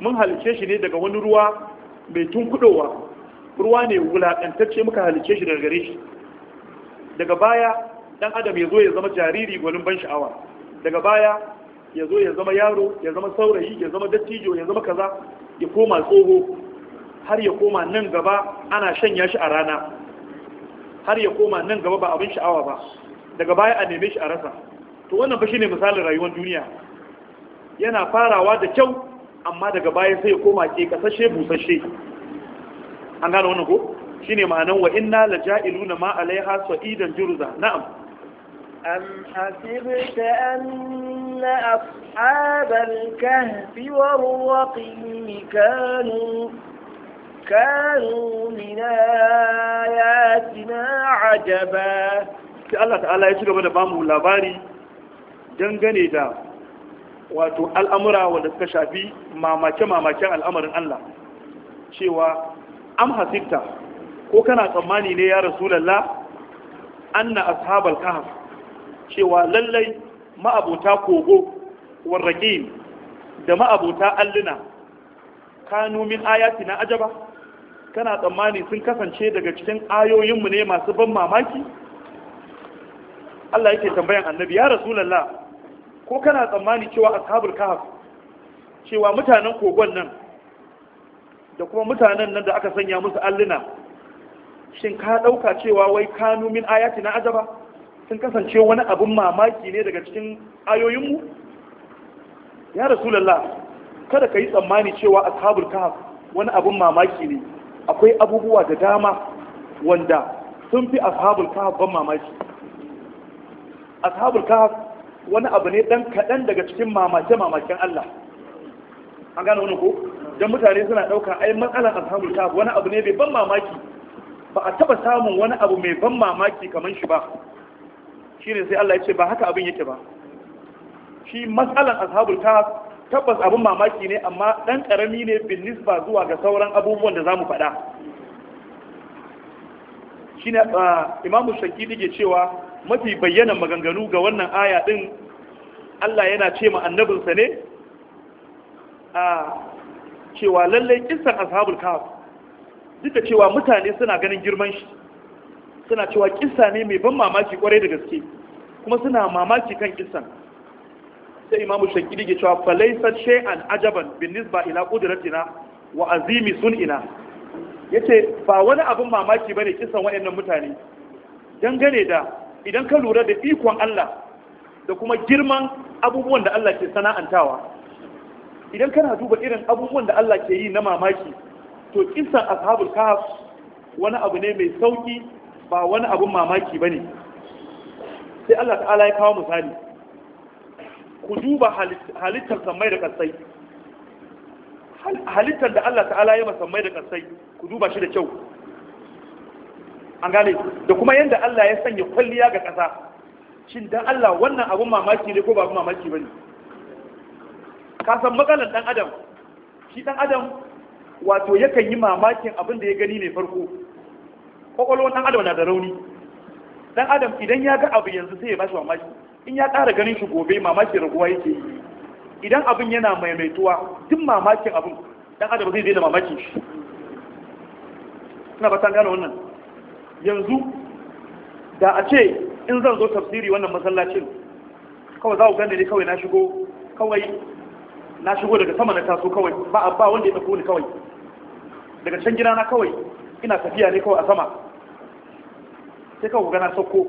mun halice shi ne daga wani ruwa mai tunkudowa ruwa ne wulakantacce muka halice shi daga gare shi daga baya dan adam ya zo ya zama jariri gwanin ban sha'awa daga baya ya zo ya zama yaro ya zama saurayi ya zama dattijo ya zama kaza ya koma tsoho har ya koma nan gaba ana shanya shi a rana har ya koma nan gaba ba abin sha'awa ba daga baya a neme shi a rasa to wannan shi shine misalin rayuwar duniya yana farawa da kyau amma daga baya sai ya koma ke kasashe busashe an gane wannan ko shine ma'anan wa inna laja'iluna ma alaiha sa'idan jurza na'am أم حسبت أن أصحاب الكهف والرقيم كانوا كانوا من آياتنا عجبا Allah ta'ala ya ci gaba da bamu labari dangane da wato al'amura wanda suka shafi mamace-mamacen al'amarin Allah cewa am hasibta ko kana tsammani ne ya rasulallah anna ashabal kaha. cewa lallai ma'abota kogo warraƙi da ma'abota alluna kanu min ayati na ajaba kana tsammani sun kasance daga cikin ayoyinmu ne masu ban mamaki Allah yake tambayan annabi ya rasulallah ko kana tsammani cewa ashabul kahf cewa mutanen kogon nan da kuma mutanen nan da aka sanya musu alluna shin ka dauka cewa wai kanu min ayati na ajaba sun kasance wani abin mamaki ne daga cikin ayoyinmu ya rasulallah kada ka yi tsammani cewa ashabul kahaf wani abin mamaki ne akwai abubuwa da dama wanda sun fi ashabul kahaf ban mamaki ashabul kahaf wani abu ne dan kaɗan daga cikin mamake mamaken Allah an gane wani ko don mutane suna ɗauka ai matsalar ashabul kahaf wani abu ne bai ban mamaki ba a taba samun wani abu mai ban mamaki kamar shi ba shine sai Allah ya ce ba haka abin yake ba shi matsalan ashabul kahf tabbas abin mamaki ne amma dan karami ne bin nisba zuwa ga sauran abubuwan da zamu faɗa shine ah, imamu shakidi ke cewa mafi bayyana maganganu ga wannan aya din Allah yana ce ma annabinsa ne a ah, cewa lallai kissan ashabul kahf duk da cewa mutane suna ganin girman shi suna cewa kisa ne mai ban mamaki kwarai da gaske kuma suna mamaki kan kisan sai imamu shakiri ke cewa falaisa shay'an ajaban bin nisba ila qudratina wa azimi sun'ina yace ba wani abin mamaki bane kissan wayannan mutane dangane da idan ka lura da ikon Allah da kuma girman abubuwan da Allah ke sana'antawa idan kana duba irin abubuwan da Allah ke yi na mamaki to kisan ashabul kahf wani abu ne mai sauki ba wani abun mamaki ba ne sai Allah ta'ala ya kawo misali ku duba halittar sammai da kasai halittar da Allah ta'ala ya masammai da kasai ku duba shi da kyau an gane da kuma yadda Allah ya sanya kwalliya ga ƙasa shin dan Allah wannan abun mamaki ne ko ba abun mamaki ba ne ka san matsalar ɗan adam shi ɗan adam wato yakan yi mamakin abin da ya gani ne farko kwakwalwar ɗan adam na da rauni ɗan adam idan ya ga abu yanzu sai ya bashi mamaki in ya ƙara ganin shi gobe mamaki raguwa yake yi idan abin yana maimaituwa duk mamakin abin ɗan adam zai daina mamakin shi suna batan gano wannan yanzu da a ce in zan zo tafsiri wannan masallacin kawai za ku gane ne kawai na shigo kawai na shigo daga sama na taso kawai ba a ba wanda ya tafi ni kawai daga can gida na kawai ina tafiya ne kawai a sama sai kawo gana sauko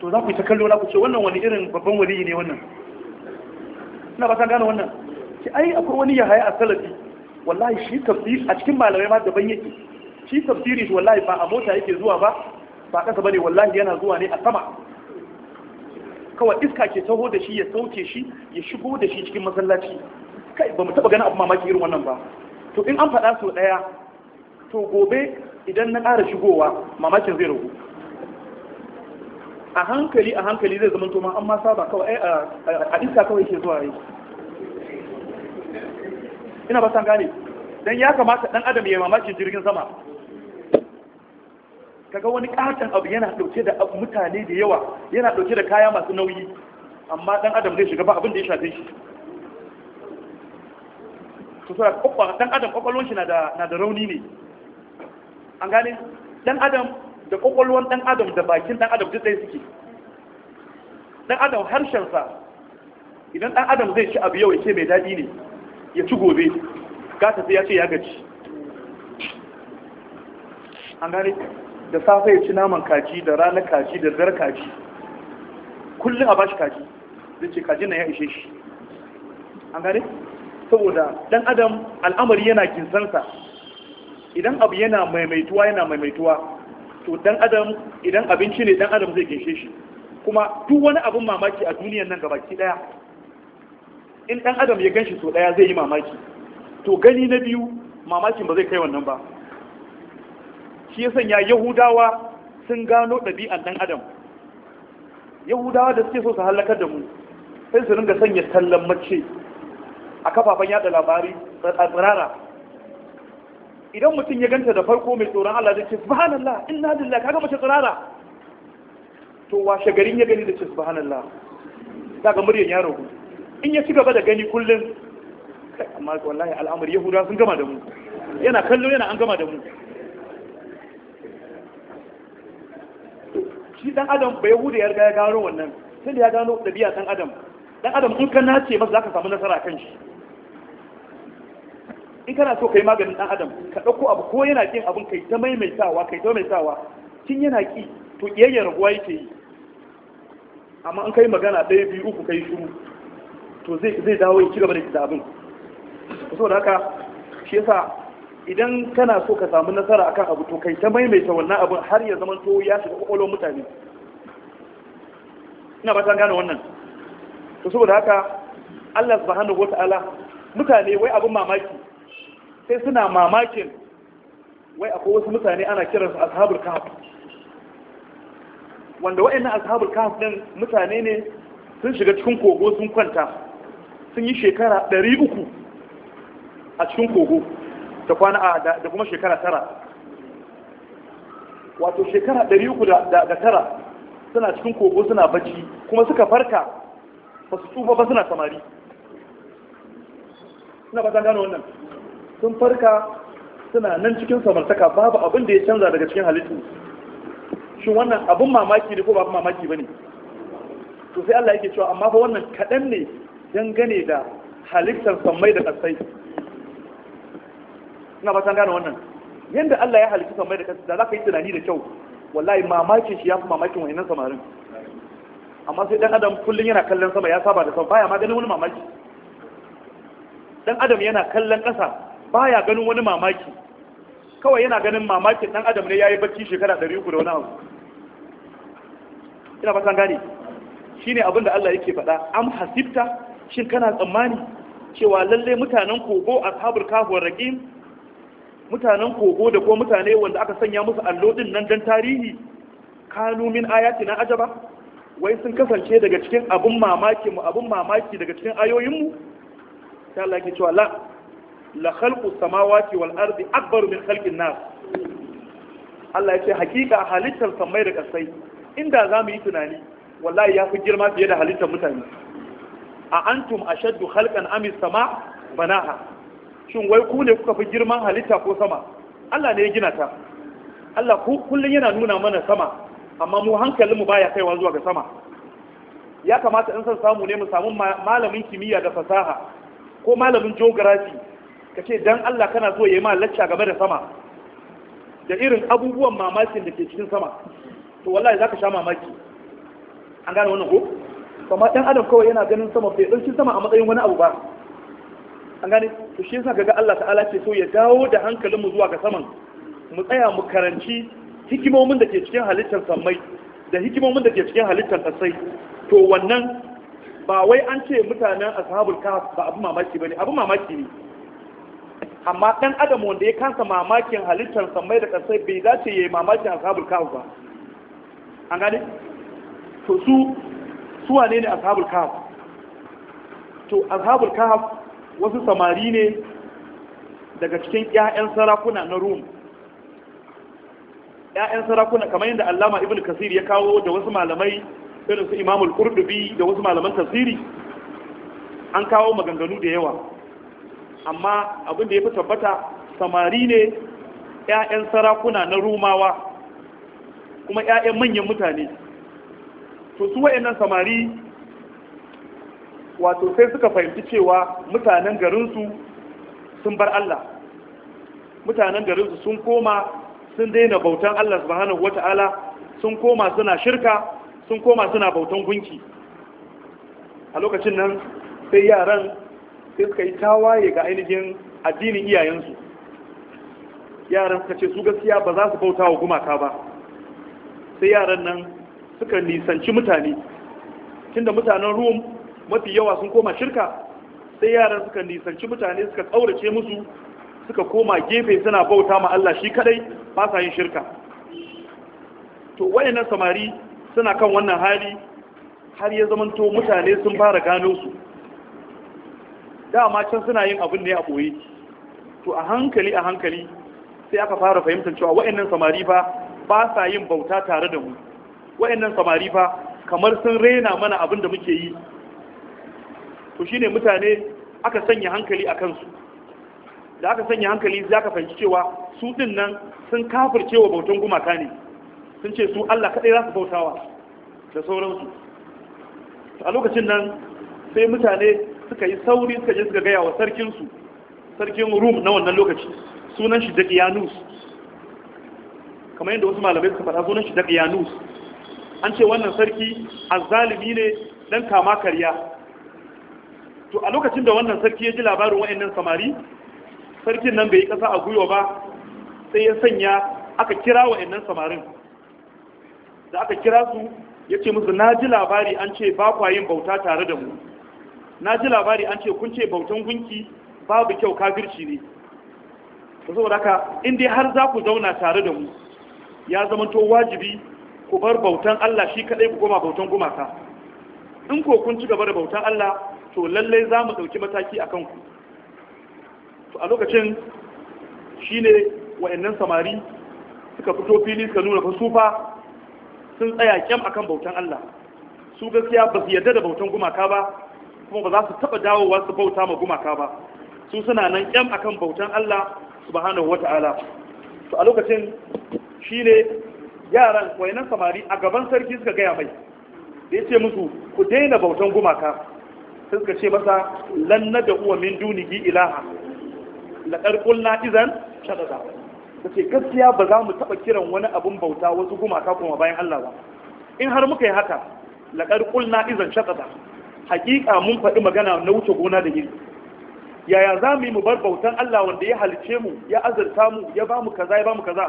to za ku yi ta kallo na ku ce wannan wani irin babban waliyi ne wannan ina ba ta gane wannan ce ai akwai wani ya haya a salafi wallahi shi tafsiri a cikin malamai ma daban yake shi tafsiri wallahi ba a mota yake zuwa ba ba kasa bane wallahi yana zuwa ne a sama kawai iska ke taho da shi ya sauke shi ya shigo da shi cikin masallaci kai ba mu taba gani abu mamaki irin wannan ba to in an faɗa sau ɗaya to gobe idan na ƙara shigowa mamakin zai ragu a hankali a hankali zai zama to an masa ba kawai a iska kawai ke zuwa yi ina ba san gane dan ya kamata dan adam ya mamaki jirgin sama kaga wani katon abu yana dauke da mutane da yawa yana dauke da kaya masu nauyi amma dan adam zai shiga ba abin da ya shafe shi to sura kokwa dan adam kokolon shi na da na da rauni ne an gane dan adam da kwakwalwan ɗan adam da bakin ɗan adam duk ɗaya suke ɗan adam harshensa idan ɗan adam zai ci abu yau ya ce mai daɗi ne ya ci gobe gata sai ya ce ya gaji an gane da safe ya ci naman kaji da ranar kaji da zar kaji kullum a bashi kaji zai ce kaji na ya ishe shi an gane saboda ɗan adam al'amari yana ginsansa idan abu yana maimaituwa yana maimaituwa to dan adam idan abinci ne dan adam zai ginshe shi kuma duk wani abin mamaki a duniyan nan gabaki daya in dan adam ya ganshi so daya zai yi mamaki to gani na biyu mamakin ba zai kai wannan ba shi ya sanya yahudawa sun gano ɗabi'an dan adam yahudawa da suke so su halakar da mu sai su ringa sanya tallan mace a kafafen yada labari tsirara idan mutum ya ganta da farko mai tsoron Allah zai ce subhanallah inna lillahi kaga mace tsirara to washe garin ya gani da ce subhanallah kaga muryar ya ragu in ya ci gaba da gani kullum amma wallahi al'amari yahuda sun gama da mu yana kallo yana an gama da mu shi dan adam bai hudu ya riga ya gano wannan sai da ya gano dabi'a dan adam dan adam in ka nace masa zaka samu nasara kan shi in kana so kai maganin dan adam ka dauko abu ko yana kin abun kai ta maimaitawa kai ta maimaitawa kin yana ki to kiyayyar raguwa yake yi amma an kai magana ɗaya biyu uku kai shiru to zai zai dawo ya ci gaba da abin saboda haka shi yasa idan kana so ka samu nasara akan abu to kai ta maimaita wannan abun har ya zama to ya shiga kwakwalwar mutane ina ba ta gane wannan to saboda haka Allah subhanahu wata'ala mutane wai abin mamaki sai suna mamakin wai akwai wasu mutane ana kiransu ashabul kahf wanda wa'annan ashabul kahf din mutane ne sun shiga cikin kogo sun kwanta sun yi shekara 300 a cikin kogo da kwana da kuma shekara tara wato shekara 300 da tara suna cikin kogo suna bacci kuma suka farka ba su tsufa ba suna samari suna ba gano wannan sun farka suna nan cikin samartaka babu abin da ya canza daga cikin halittu shin wannan abin mamaki ne ko ba mamaki ba ne to sai Allah yake cewa amma fa wannan kaɗan ne gane da halittar sammai da ƙasai ina ba gane wannan yanda Allah ya halitta sammai da ƙasai da za ka yi tunani da kyau wallahi mamakin shi ya fi mamakin wayannan samarin amma sai dan adam kullum yana kallon sama ya saba da sama baya ma ganin wani mamaki dan adam yana kallon ƙasa Ba ya ganin wani mamaki kawai yana ganin mamaki ɗan adam ne ya yi bacci shekara 300 da wani abu ina fatan gane Shi ne abinda Allah yake faɗa am hasibta shin kana tsammani cewa lallai mutanen kogo sabur kafuwar raqim mutanen kogo da ko mutane wanda aka sanya musu allo din nan dan tarihi kanu min na ajaba wai sun kasance daga cikin abun mamaki mu abun mamaki daga cikin ayoyin mu sai Allah yake cewa la la khalqu samawati wal ardi akbaru min khalqin nas Allah ya ce hakika halittar samai da kasai inda za mu yi tunani wallahi ya fi girma fiye da halittar mutane a antum ashaddu khalqan am sama banaha shin wai ku ne kuka fi girman halitta ko sama Allah ne ya gina ta Allah ku kullun yana nuna mana sama amma mu hankalin mu baya kaiwa zuwa ga sama ya kamata in san samu ne mu samu malamin kimiyya da fasaha ko malamin geography ka ce dan Allah kana so ya yi ma lacca game da sama da irin abubuwan mamakin da ke cikin sama to wallahi za ka sha mamaki an gane wannan ko kuma dan adam kawai yana ganin sama bai ɗauki sama a matsayin wani abu ba an gane to shi yasa kaga Allah ta'ala ce so ya dawo da hankalinmu zuwa ga saman mu tsaya mu karanci hikimomin da ke cikin halittar sammai da hikimomin da ke cikin halittar kasai to wannan ba wai an ce mutanen ashabul kahf ba abu mamaki bane abu mamaki ne amma ɗan adam wanda ya kansa mamakin halittar samai da ƙasai bai dace ya yi mamakin ashabul kahf ba an gane to su su wane ne ashabul kahf to ashabul kahf wasu samari ne daga cikin ƴaƴan sarakuna na Rum ƴaƴan sarakuna kamar yadda Allama Ibn Kasir ya kawo da wasu malamai irin su Imam al da wasu malaman tafsiri an kawo maganganu da yawa amma abin da ya fi tabbata samari ne 'ya'yan sarakuna na rumawa kuma 'ya'yan manyan mutane to su wa'annan samari wato sai suka fahimci cewa mutanen garinsu sun bar Allah mutanen garinsu sun koma sun daina bautan Allah subhanahu wata'ala sun koma suna shirka sun koma suna bautan gunki a lokacin nan sai yaran sai suka yi tawaye ga ainihin addinin iyayensu yaran suka ce su gaskiya ba za su bauta wa gumaka ba sai yaran nan suka nisanci mutane tunda mutanen rum mafi yawa sun koma shirka sai yaran suka nisanci mutane suka tsaurace musu suka koma gefe suna bauta ma Allah shi kadai ba sa yin shirka to wayannan samari suna kan wannan hali har ya zamanto mutane sun fara gano su dama can suna yin abin ne a ɓoye to a hankali a hankali sai aka fara fahimtar cewa wa'annan samari fa ba sa yin bauta tare da mu wa'annan samari fa kamar sun rena mana abin da muke yi to shine mutane aka sanya hankali a kansu da aka sanya hankali za ka fahimci cewa su din nan sun kafirce wa bautan gumaka ne sun ce su Allah kaɗai za su bautawa da sauransu a lokacin nan sai mutane suka yi sauri suka je suka gaya wa sarkinsu sarkin rum na wannan lokaci sunan shi daqiyanus kamar yadda wasu malamai suka faɗa sunan shi daqiyanus an ce wannan sarki azzalimi ne dan kama karya to a lokacin da wannan sarki ya ji labarin wa'annan samari sarkin nan bai yi kasa a gwiwa ba sai ya sanya aka kira wa'annan samarin da aka kira su ya ce musu na ji labari an ce ba kwayin bauta tare da mu na ji labari an ce kun ce bautan gunki babu kyau kafirci ne saboda haka in dai har za ku zauna tare da mu ya zamanto wajibi ku bar bautan Allah shi kadai ku koma bautan gumaka in ko kun ci gaba da bautan Allah to lallai za mu ɗauki mataki a kanku to a lokacin shi ne wa'annan samari suka fito fili suka nuna fa sufa sun tsaya kyam akan bautan Allah su gaskiya ba su yarda da bautan gumaka ba kuma ba za su taba dawowa su bauta ma gumaka ba su suna nan yan akan bautan Allah subhanahu wata'ala to a lokacin shine yaran wayanan samari a gaban sarki suka gaya mai da yace musu ku daina bautan gumaka sai suka ce masa lan nada uwa min dunigi ilaha laqad qulna izan shadada sai gaskiya ba za mu taba kiran wani abun bauta wasu gumaka kuma bayan Allah ba in har muka yi haka laƙar na izan shadada. hakika mun faɗi magana na wuce gona da iri yaya za mu yi mu bar bautan Allah wanda ya halice mu ya azurta mu ya ba mu kaza ya ba mu kaza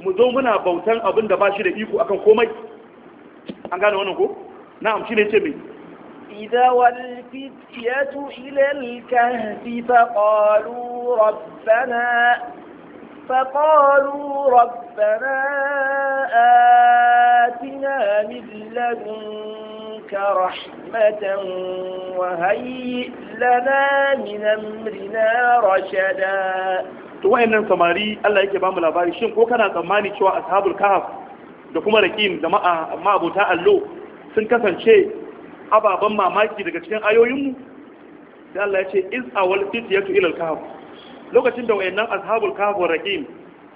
mu zo muna bautan abin da ba shi da iko akan komai an gane wannan ko na'am shine yace me idza wal fityatu ila al kahfi faqalu rabbana فقالوا ربنا آتنا من لدنك رحمة وهيئ لنا من أمرنا رشدا to wayannan samari Allah yake bamu labari shin ko kana tsammani cewa ashabul kahf da kuma rakim da abota allo sun kasance ababan mamaki daga cikin ayoyinmu sai Allah ya ce iz awal fitiyatu ila al kahf lokacin da wayannan ashabul kahf wa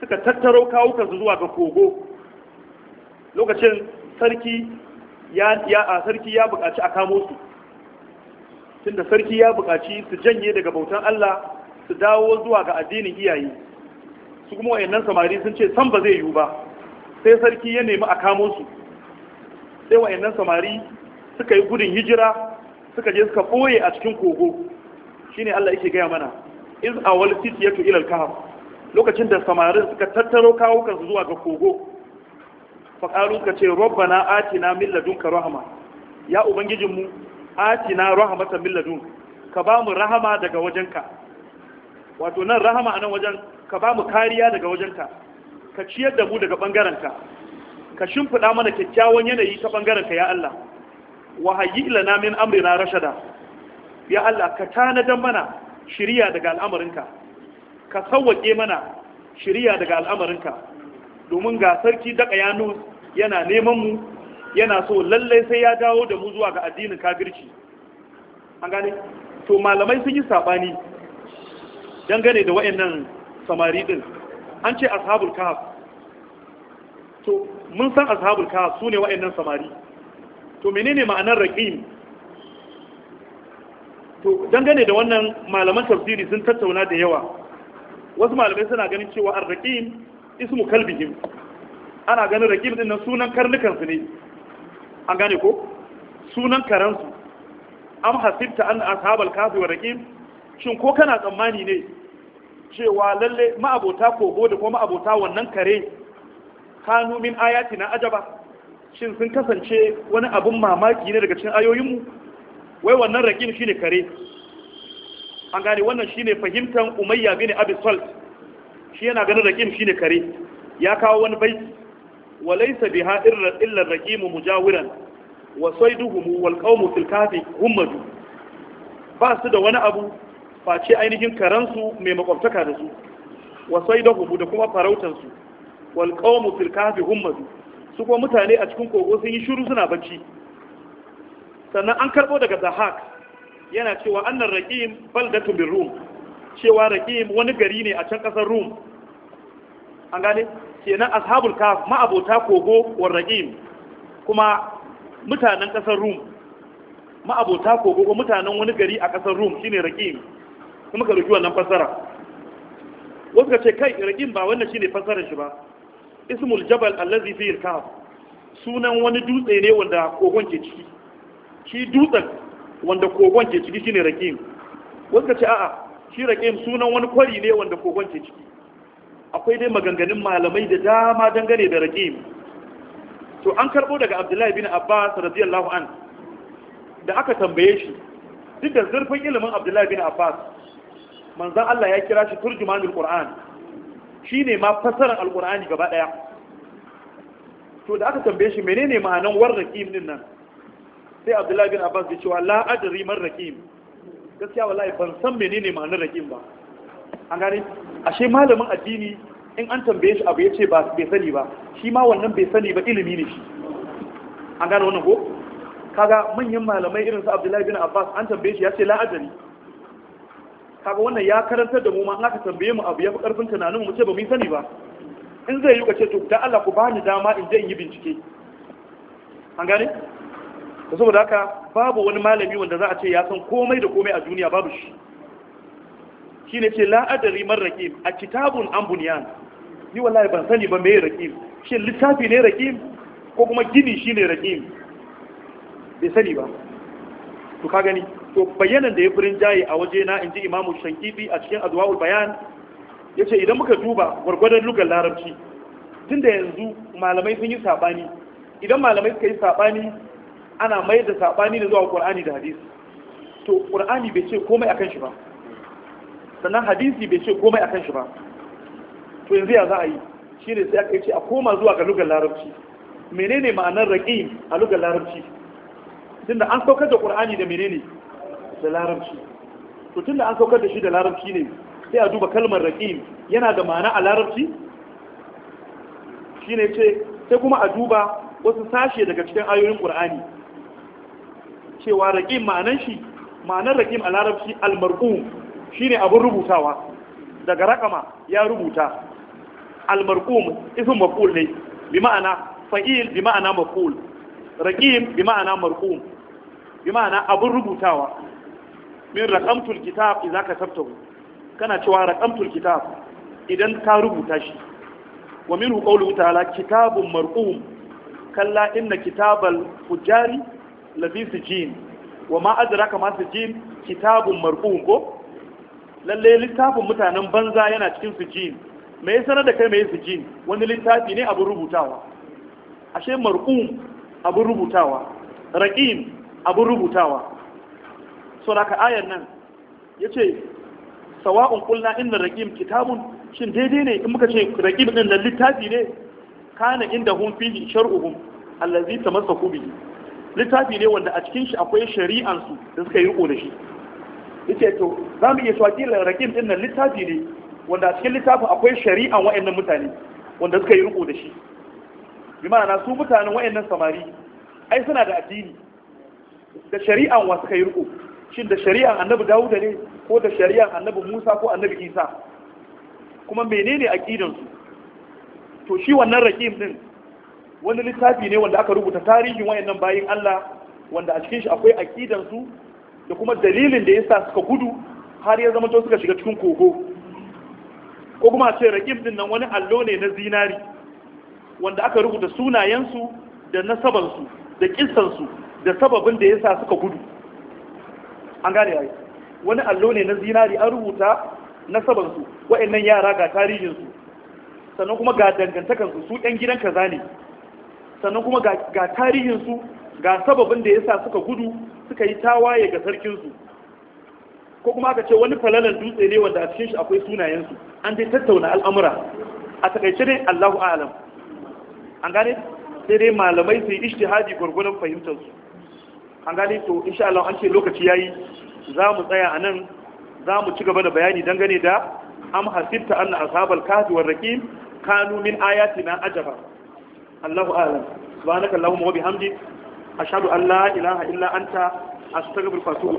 suka tattaro kawukan su zuwa ga kogo lokacin sarki ya ya a sarki ya buƙaci a kamo su tunda sarki ya buƙaci su janye daga bautan Allah su dawo zuwa ga addinin iyaye su kuma wayannan samari sun ce san ba zai yiwu ba sai sarki ya nemi a kamo su sai wayannan samari suka yi gudun hijira suka je suka ɓoye a cikin kogo shine Allah yake gaya mana iz awal fitiyatu ila al-kahf lokacin da samarin suka tattaro kawukan su zuwa ga kogo fa qalu ka ce rabbana atina min ladunka rahma ya ubangijinmu atina rahmatan min ladun ka ba mu rahama daga wajenka wato nan rahama anan wajen ka ba mu kariya daga wajenka ka ciyar da mu daga bangarenka ka shimfiɗa mana kyakkyawan yanayi ta ka ya Allah wa hayyi lana min amrina rashada ya Allah ka dan mana Shirya daga al'amarinka ka sauwaƙe mana shirya daga al'amarinka domin ga sarki daga yano yana neman mu yana so lallai sai ya dawo da mu zuwa ga addinin kafirci an gane to malamai sun yi sabani dangane da nan samari ɗin, an ce ashabul Kahaf. to mun san ashabul ne sune nan samari to menene ma'anar raqim to dangane da wannan malaman tafsiri sun tattauna da yawa wasu malamai suna ganin cewa arraqim ismu kalbihim ana ganin raqim din nan sunan karnukan su ne an gane ko sunan karan su am hasibta an ashabal kafi wa raqim shin ko kana tsammani ne cewa lalle ma'abota kogo da kuma ma'abota wannan kare kanu min ayati na ajaba shin sun kasance wani abun mamaki ne daga cikin ayoyinmu wai wannan shi ne kare an gane wannan shi ne fahimtar umayya bin Abisal. shi yana ganin shi ne kare ya kawo wani bai? wa laysa biha illa raqimu mujawiran wa saiduhum wal qawmu fil kafi ummatu ba su da wani abu face ainihin karansu mai makwabtaka da su wa saiduhum da kuma farautansu wal qawmu fil kafi ummatu su ko mutane a cikin kogo sun yi shiru suna bacci sannan an karbo daga zahak yana cewa annan raƙim baldatun bin rum cewa raƙim wani gari ne a can ƙasar rum an gane kenan ashabul kaf ma'abota kogo wa raƙim kuma mutanen ƙasar rum ma'abota kogo ko mutanen wani gari a ƙasar rum shine raƙim kuma ka rufi wannan fasara wasu ka ce kai raƙim ba wannan shine fasarar shi ba ismul jabal allazi fi al sunan wani dutse ne wanda kogon ke ciki shi dutsen wanda kogon ke ciki shine rakim wanda ce a'a shi rakim sunan wani kwari ne wanda kogon ke ciki akwai dai maganganun malamai da dama dangane da rakim to an karbo daga abdullahi bin abbas radiyallahu an da aka tambaye shi duk da zurfin ilimin abdullahi bin abbas manzon allah ya kira shi turjumanul qur'an shine ma fasaran alqur'ani gaba daya to da aka tambaye shi menene ma'anan war rakim din nan sai abdullahi bin abbas ya cewa la adri man rakim gaskiya wallahi ban san menene ma'anar rakim ba an gane ashe malamin addini in an tambaye shi abu ya ce bai sani ba shi ma wannan bai sani ba ilimi ne shi an gane wannan ko kaga manyan malamai irin su abdullahi bin abbas an tambaye shi ya ce la adri kaga wannan ya karantar da mu ma aka tambaye mu abu ya fi karfin tunanin mu ce ba mu sani ba in zai yi kace to da Allah ku bani dama in je in yi bincike an gane da saboda haka babu wani malami wanda za a ce ya san komai da komai a duniya babu shi shi ne ce la'adari man rakim a kitabun an buniyan ni wallahi ban sani ba mai rakim shi littafi ne rakim ko kuma gini shi ne rakim bai sani ba to ka gani to bayanan da ya furin jaye a waje na ji imamu shankifi a cikin adwa'ul bayan ya ce idan muka duba gwargwadon lugar larabci tun yanzu malamai sun yi saɓani idan malamai suka yi saɓani ana mayar da sabani da zuwa qur'ani da hadisi to qur'ani bai ce komai akan shi ba sannan hadisi bai ce komai akan shi ba to yanzu ya za a yi shine sai aka ce a koma zuwa ga lugar larabci menene ma'anar raqim a lugar larabci tunda an saukar da qur'ani da menene da larabci to tunda an saukar da shi da larabci ne sai a duba kalmar raqim yana da ma'ana a larabci shine ce sai kuma a duba wasu sashe daga cikin ayoyin qur'ani cewa raqim ma'anar shi ma'anar raqim a larabci shi ne abin rubutawa daga raƙama ya rubuta almarqum ism makul ne bi ma'ana fa'il bi ma'ana maf'ul raqim bi ma'ana marqum bi ma'ana abin rubutawa min raqamtul kitab za ka katabtahu kana cewa raqamtul kitab idan ka rubuta shi wa minhu qawluhu ta'ala kitabun marqum kalla inna kitabal fujari lafi jin wa ma adraka ma jin kitabun marqum ko lalle littafin mutanen banza yana cikin su jin me sanar da kai me jin wani littafi ne abin rubutawa ashe marqum abin rubutawa raqim abin rubutawa so da nan, ayar nan yace sawa'un qulna inna raqim kitabun shin daidai ne in muka ce raqim din da littafi ne kana inda hum fi shar'uhum allazi tamassaku bihi littafi ne wanda a cikin shi akwai shari'ansu da suka yi riko da shi yace to za mu iya shawakila rakim din nan littafi ne wanda a cikin littafin akwai shari'an wa'annan mutane wanda suka yi riko da shi bi ma'ana su mutanen wa'annan samari ai suna da addini da shari'an wa suka yi riko shin da shari'an annabi dawuda ne ko da shari'an annabi musa ko annabi isa kuma menene su to shi wannan rakim din wani littafi ne wanda aka rubuta tarihin wayannan bayin Allah wanda a cikin shi akwai aqidan su da kuma dalilin da yasa suka gudu har ya zama to suka shiga cikin kogo ko kuma ce raqib din nan wani allo ne na zinari wanda aka rubuta sunayen su da nasaban su da kissan su da sababin da yasa suka gudu an gane yayi wani allo ne na zinari an rubuta nasaban su wayannan yara ga tarihin su sannan kuma ga dangantakan su su ɗan gidan kaza ne sannan kuma ga tarihinsu ga sababin da ya sa suka gudu suka yi tawaye ga sarkinsu ko kuma aka ce wani falalan dutse ne wanda a cikin shi akwai sunayensu an dai tattauna al'amura a takaice ne Allahu a'lam an gane sai dai malamai su yi ijtihadi gurgurun fahimtar su an gane to insha Allah an ce lokaci yayi za mu tsaya a nan za mu ci gaba da bayani dangane da am hasibta anna ashabal kahfi war raqim kanu min ayatina ajaba Allahu a'lam subhanaka allahumma wa bihamdik ashhadu an la ilaha illa anta astaghfiruka wa atubu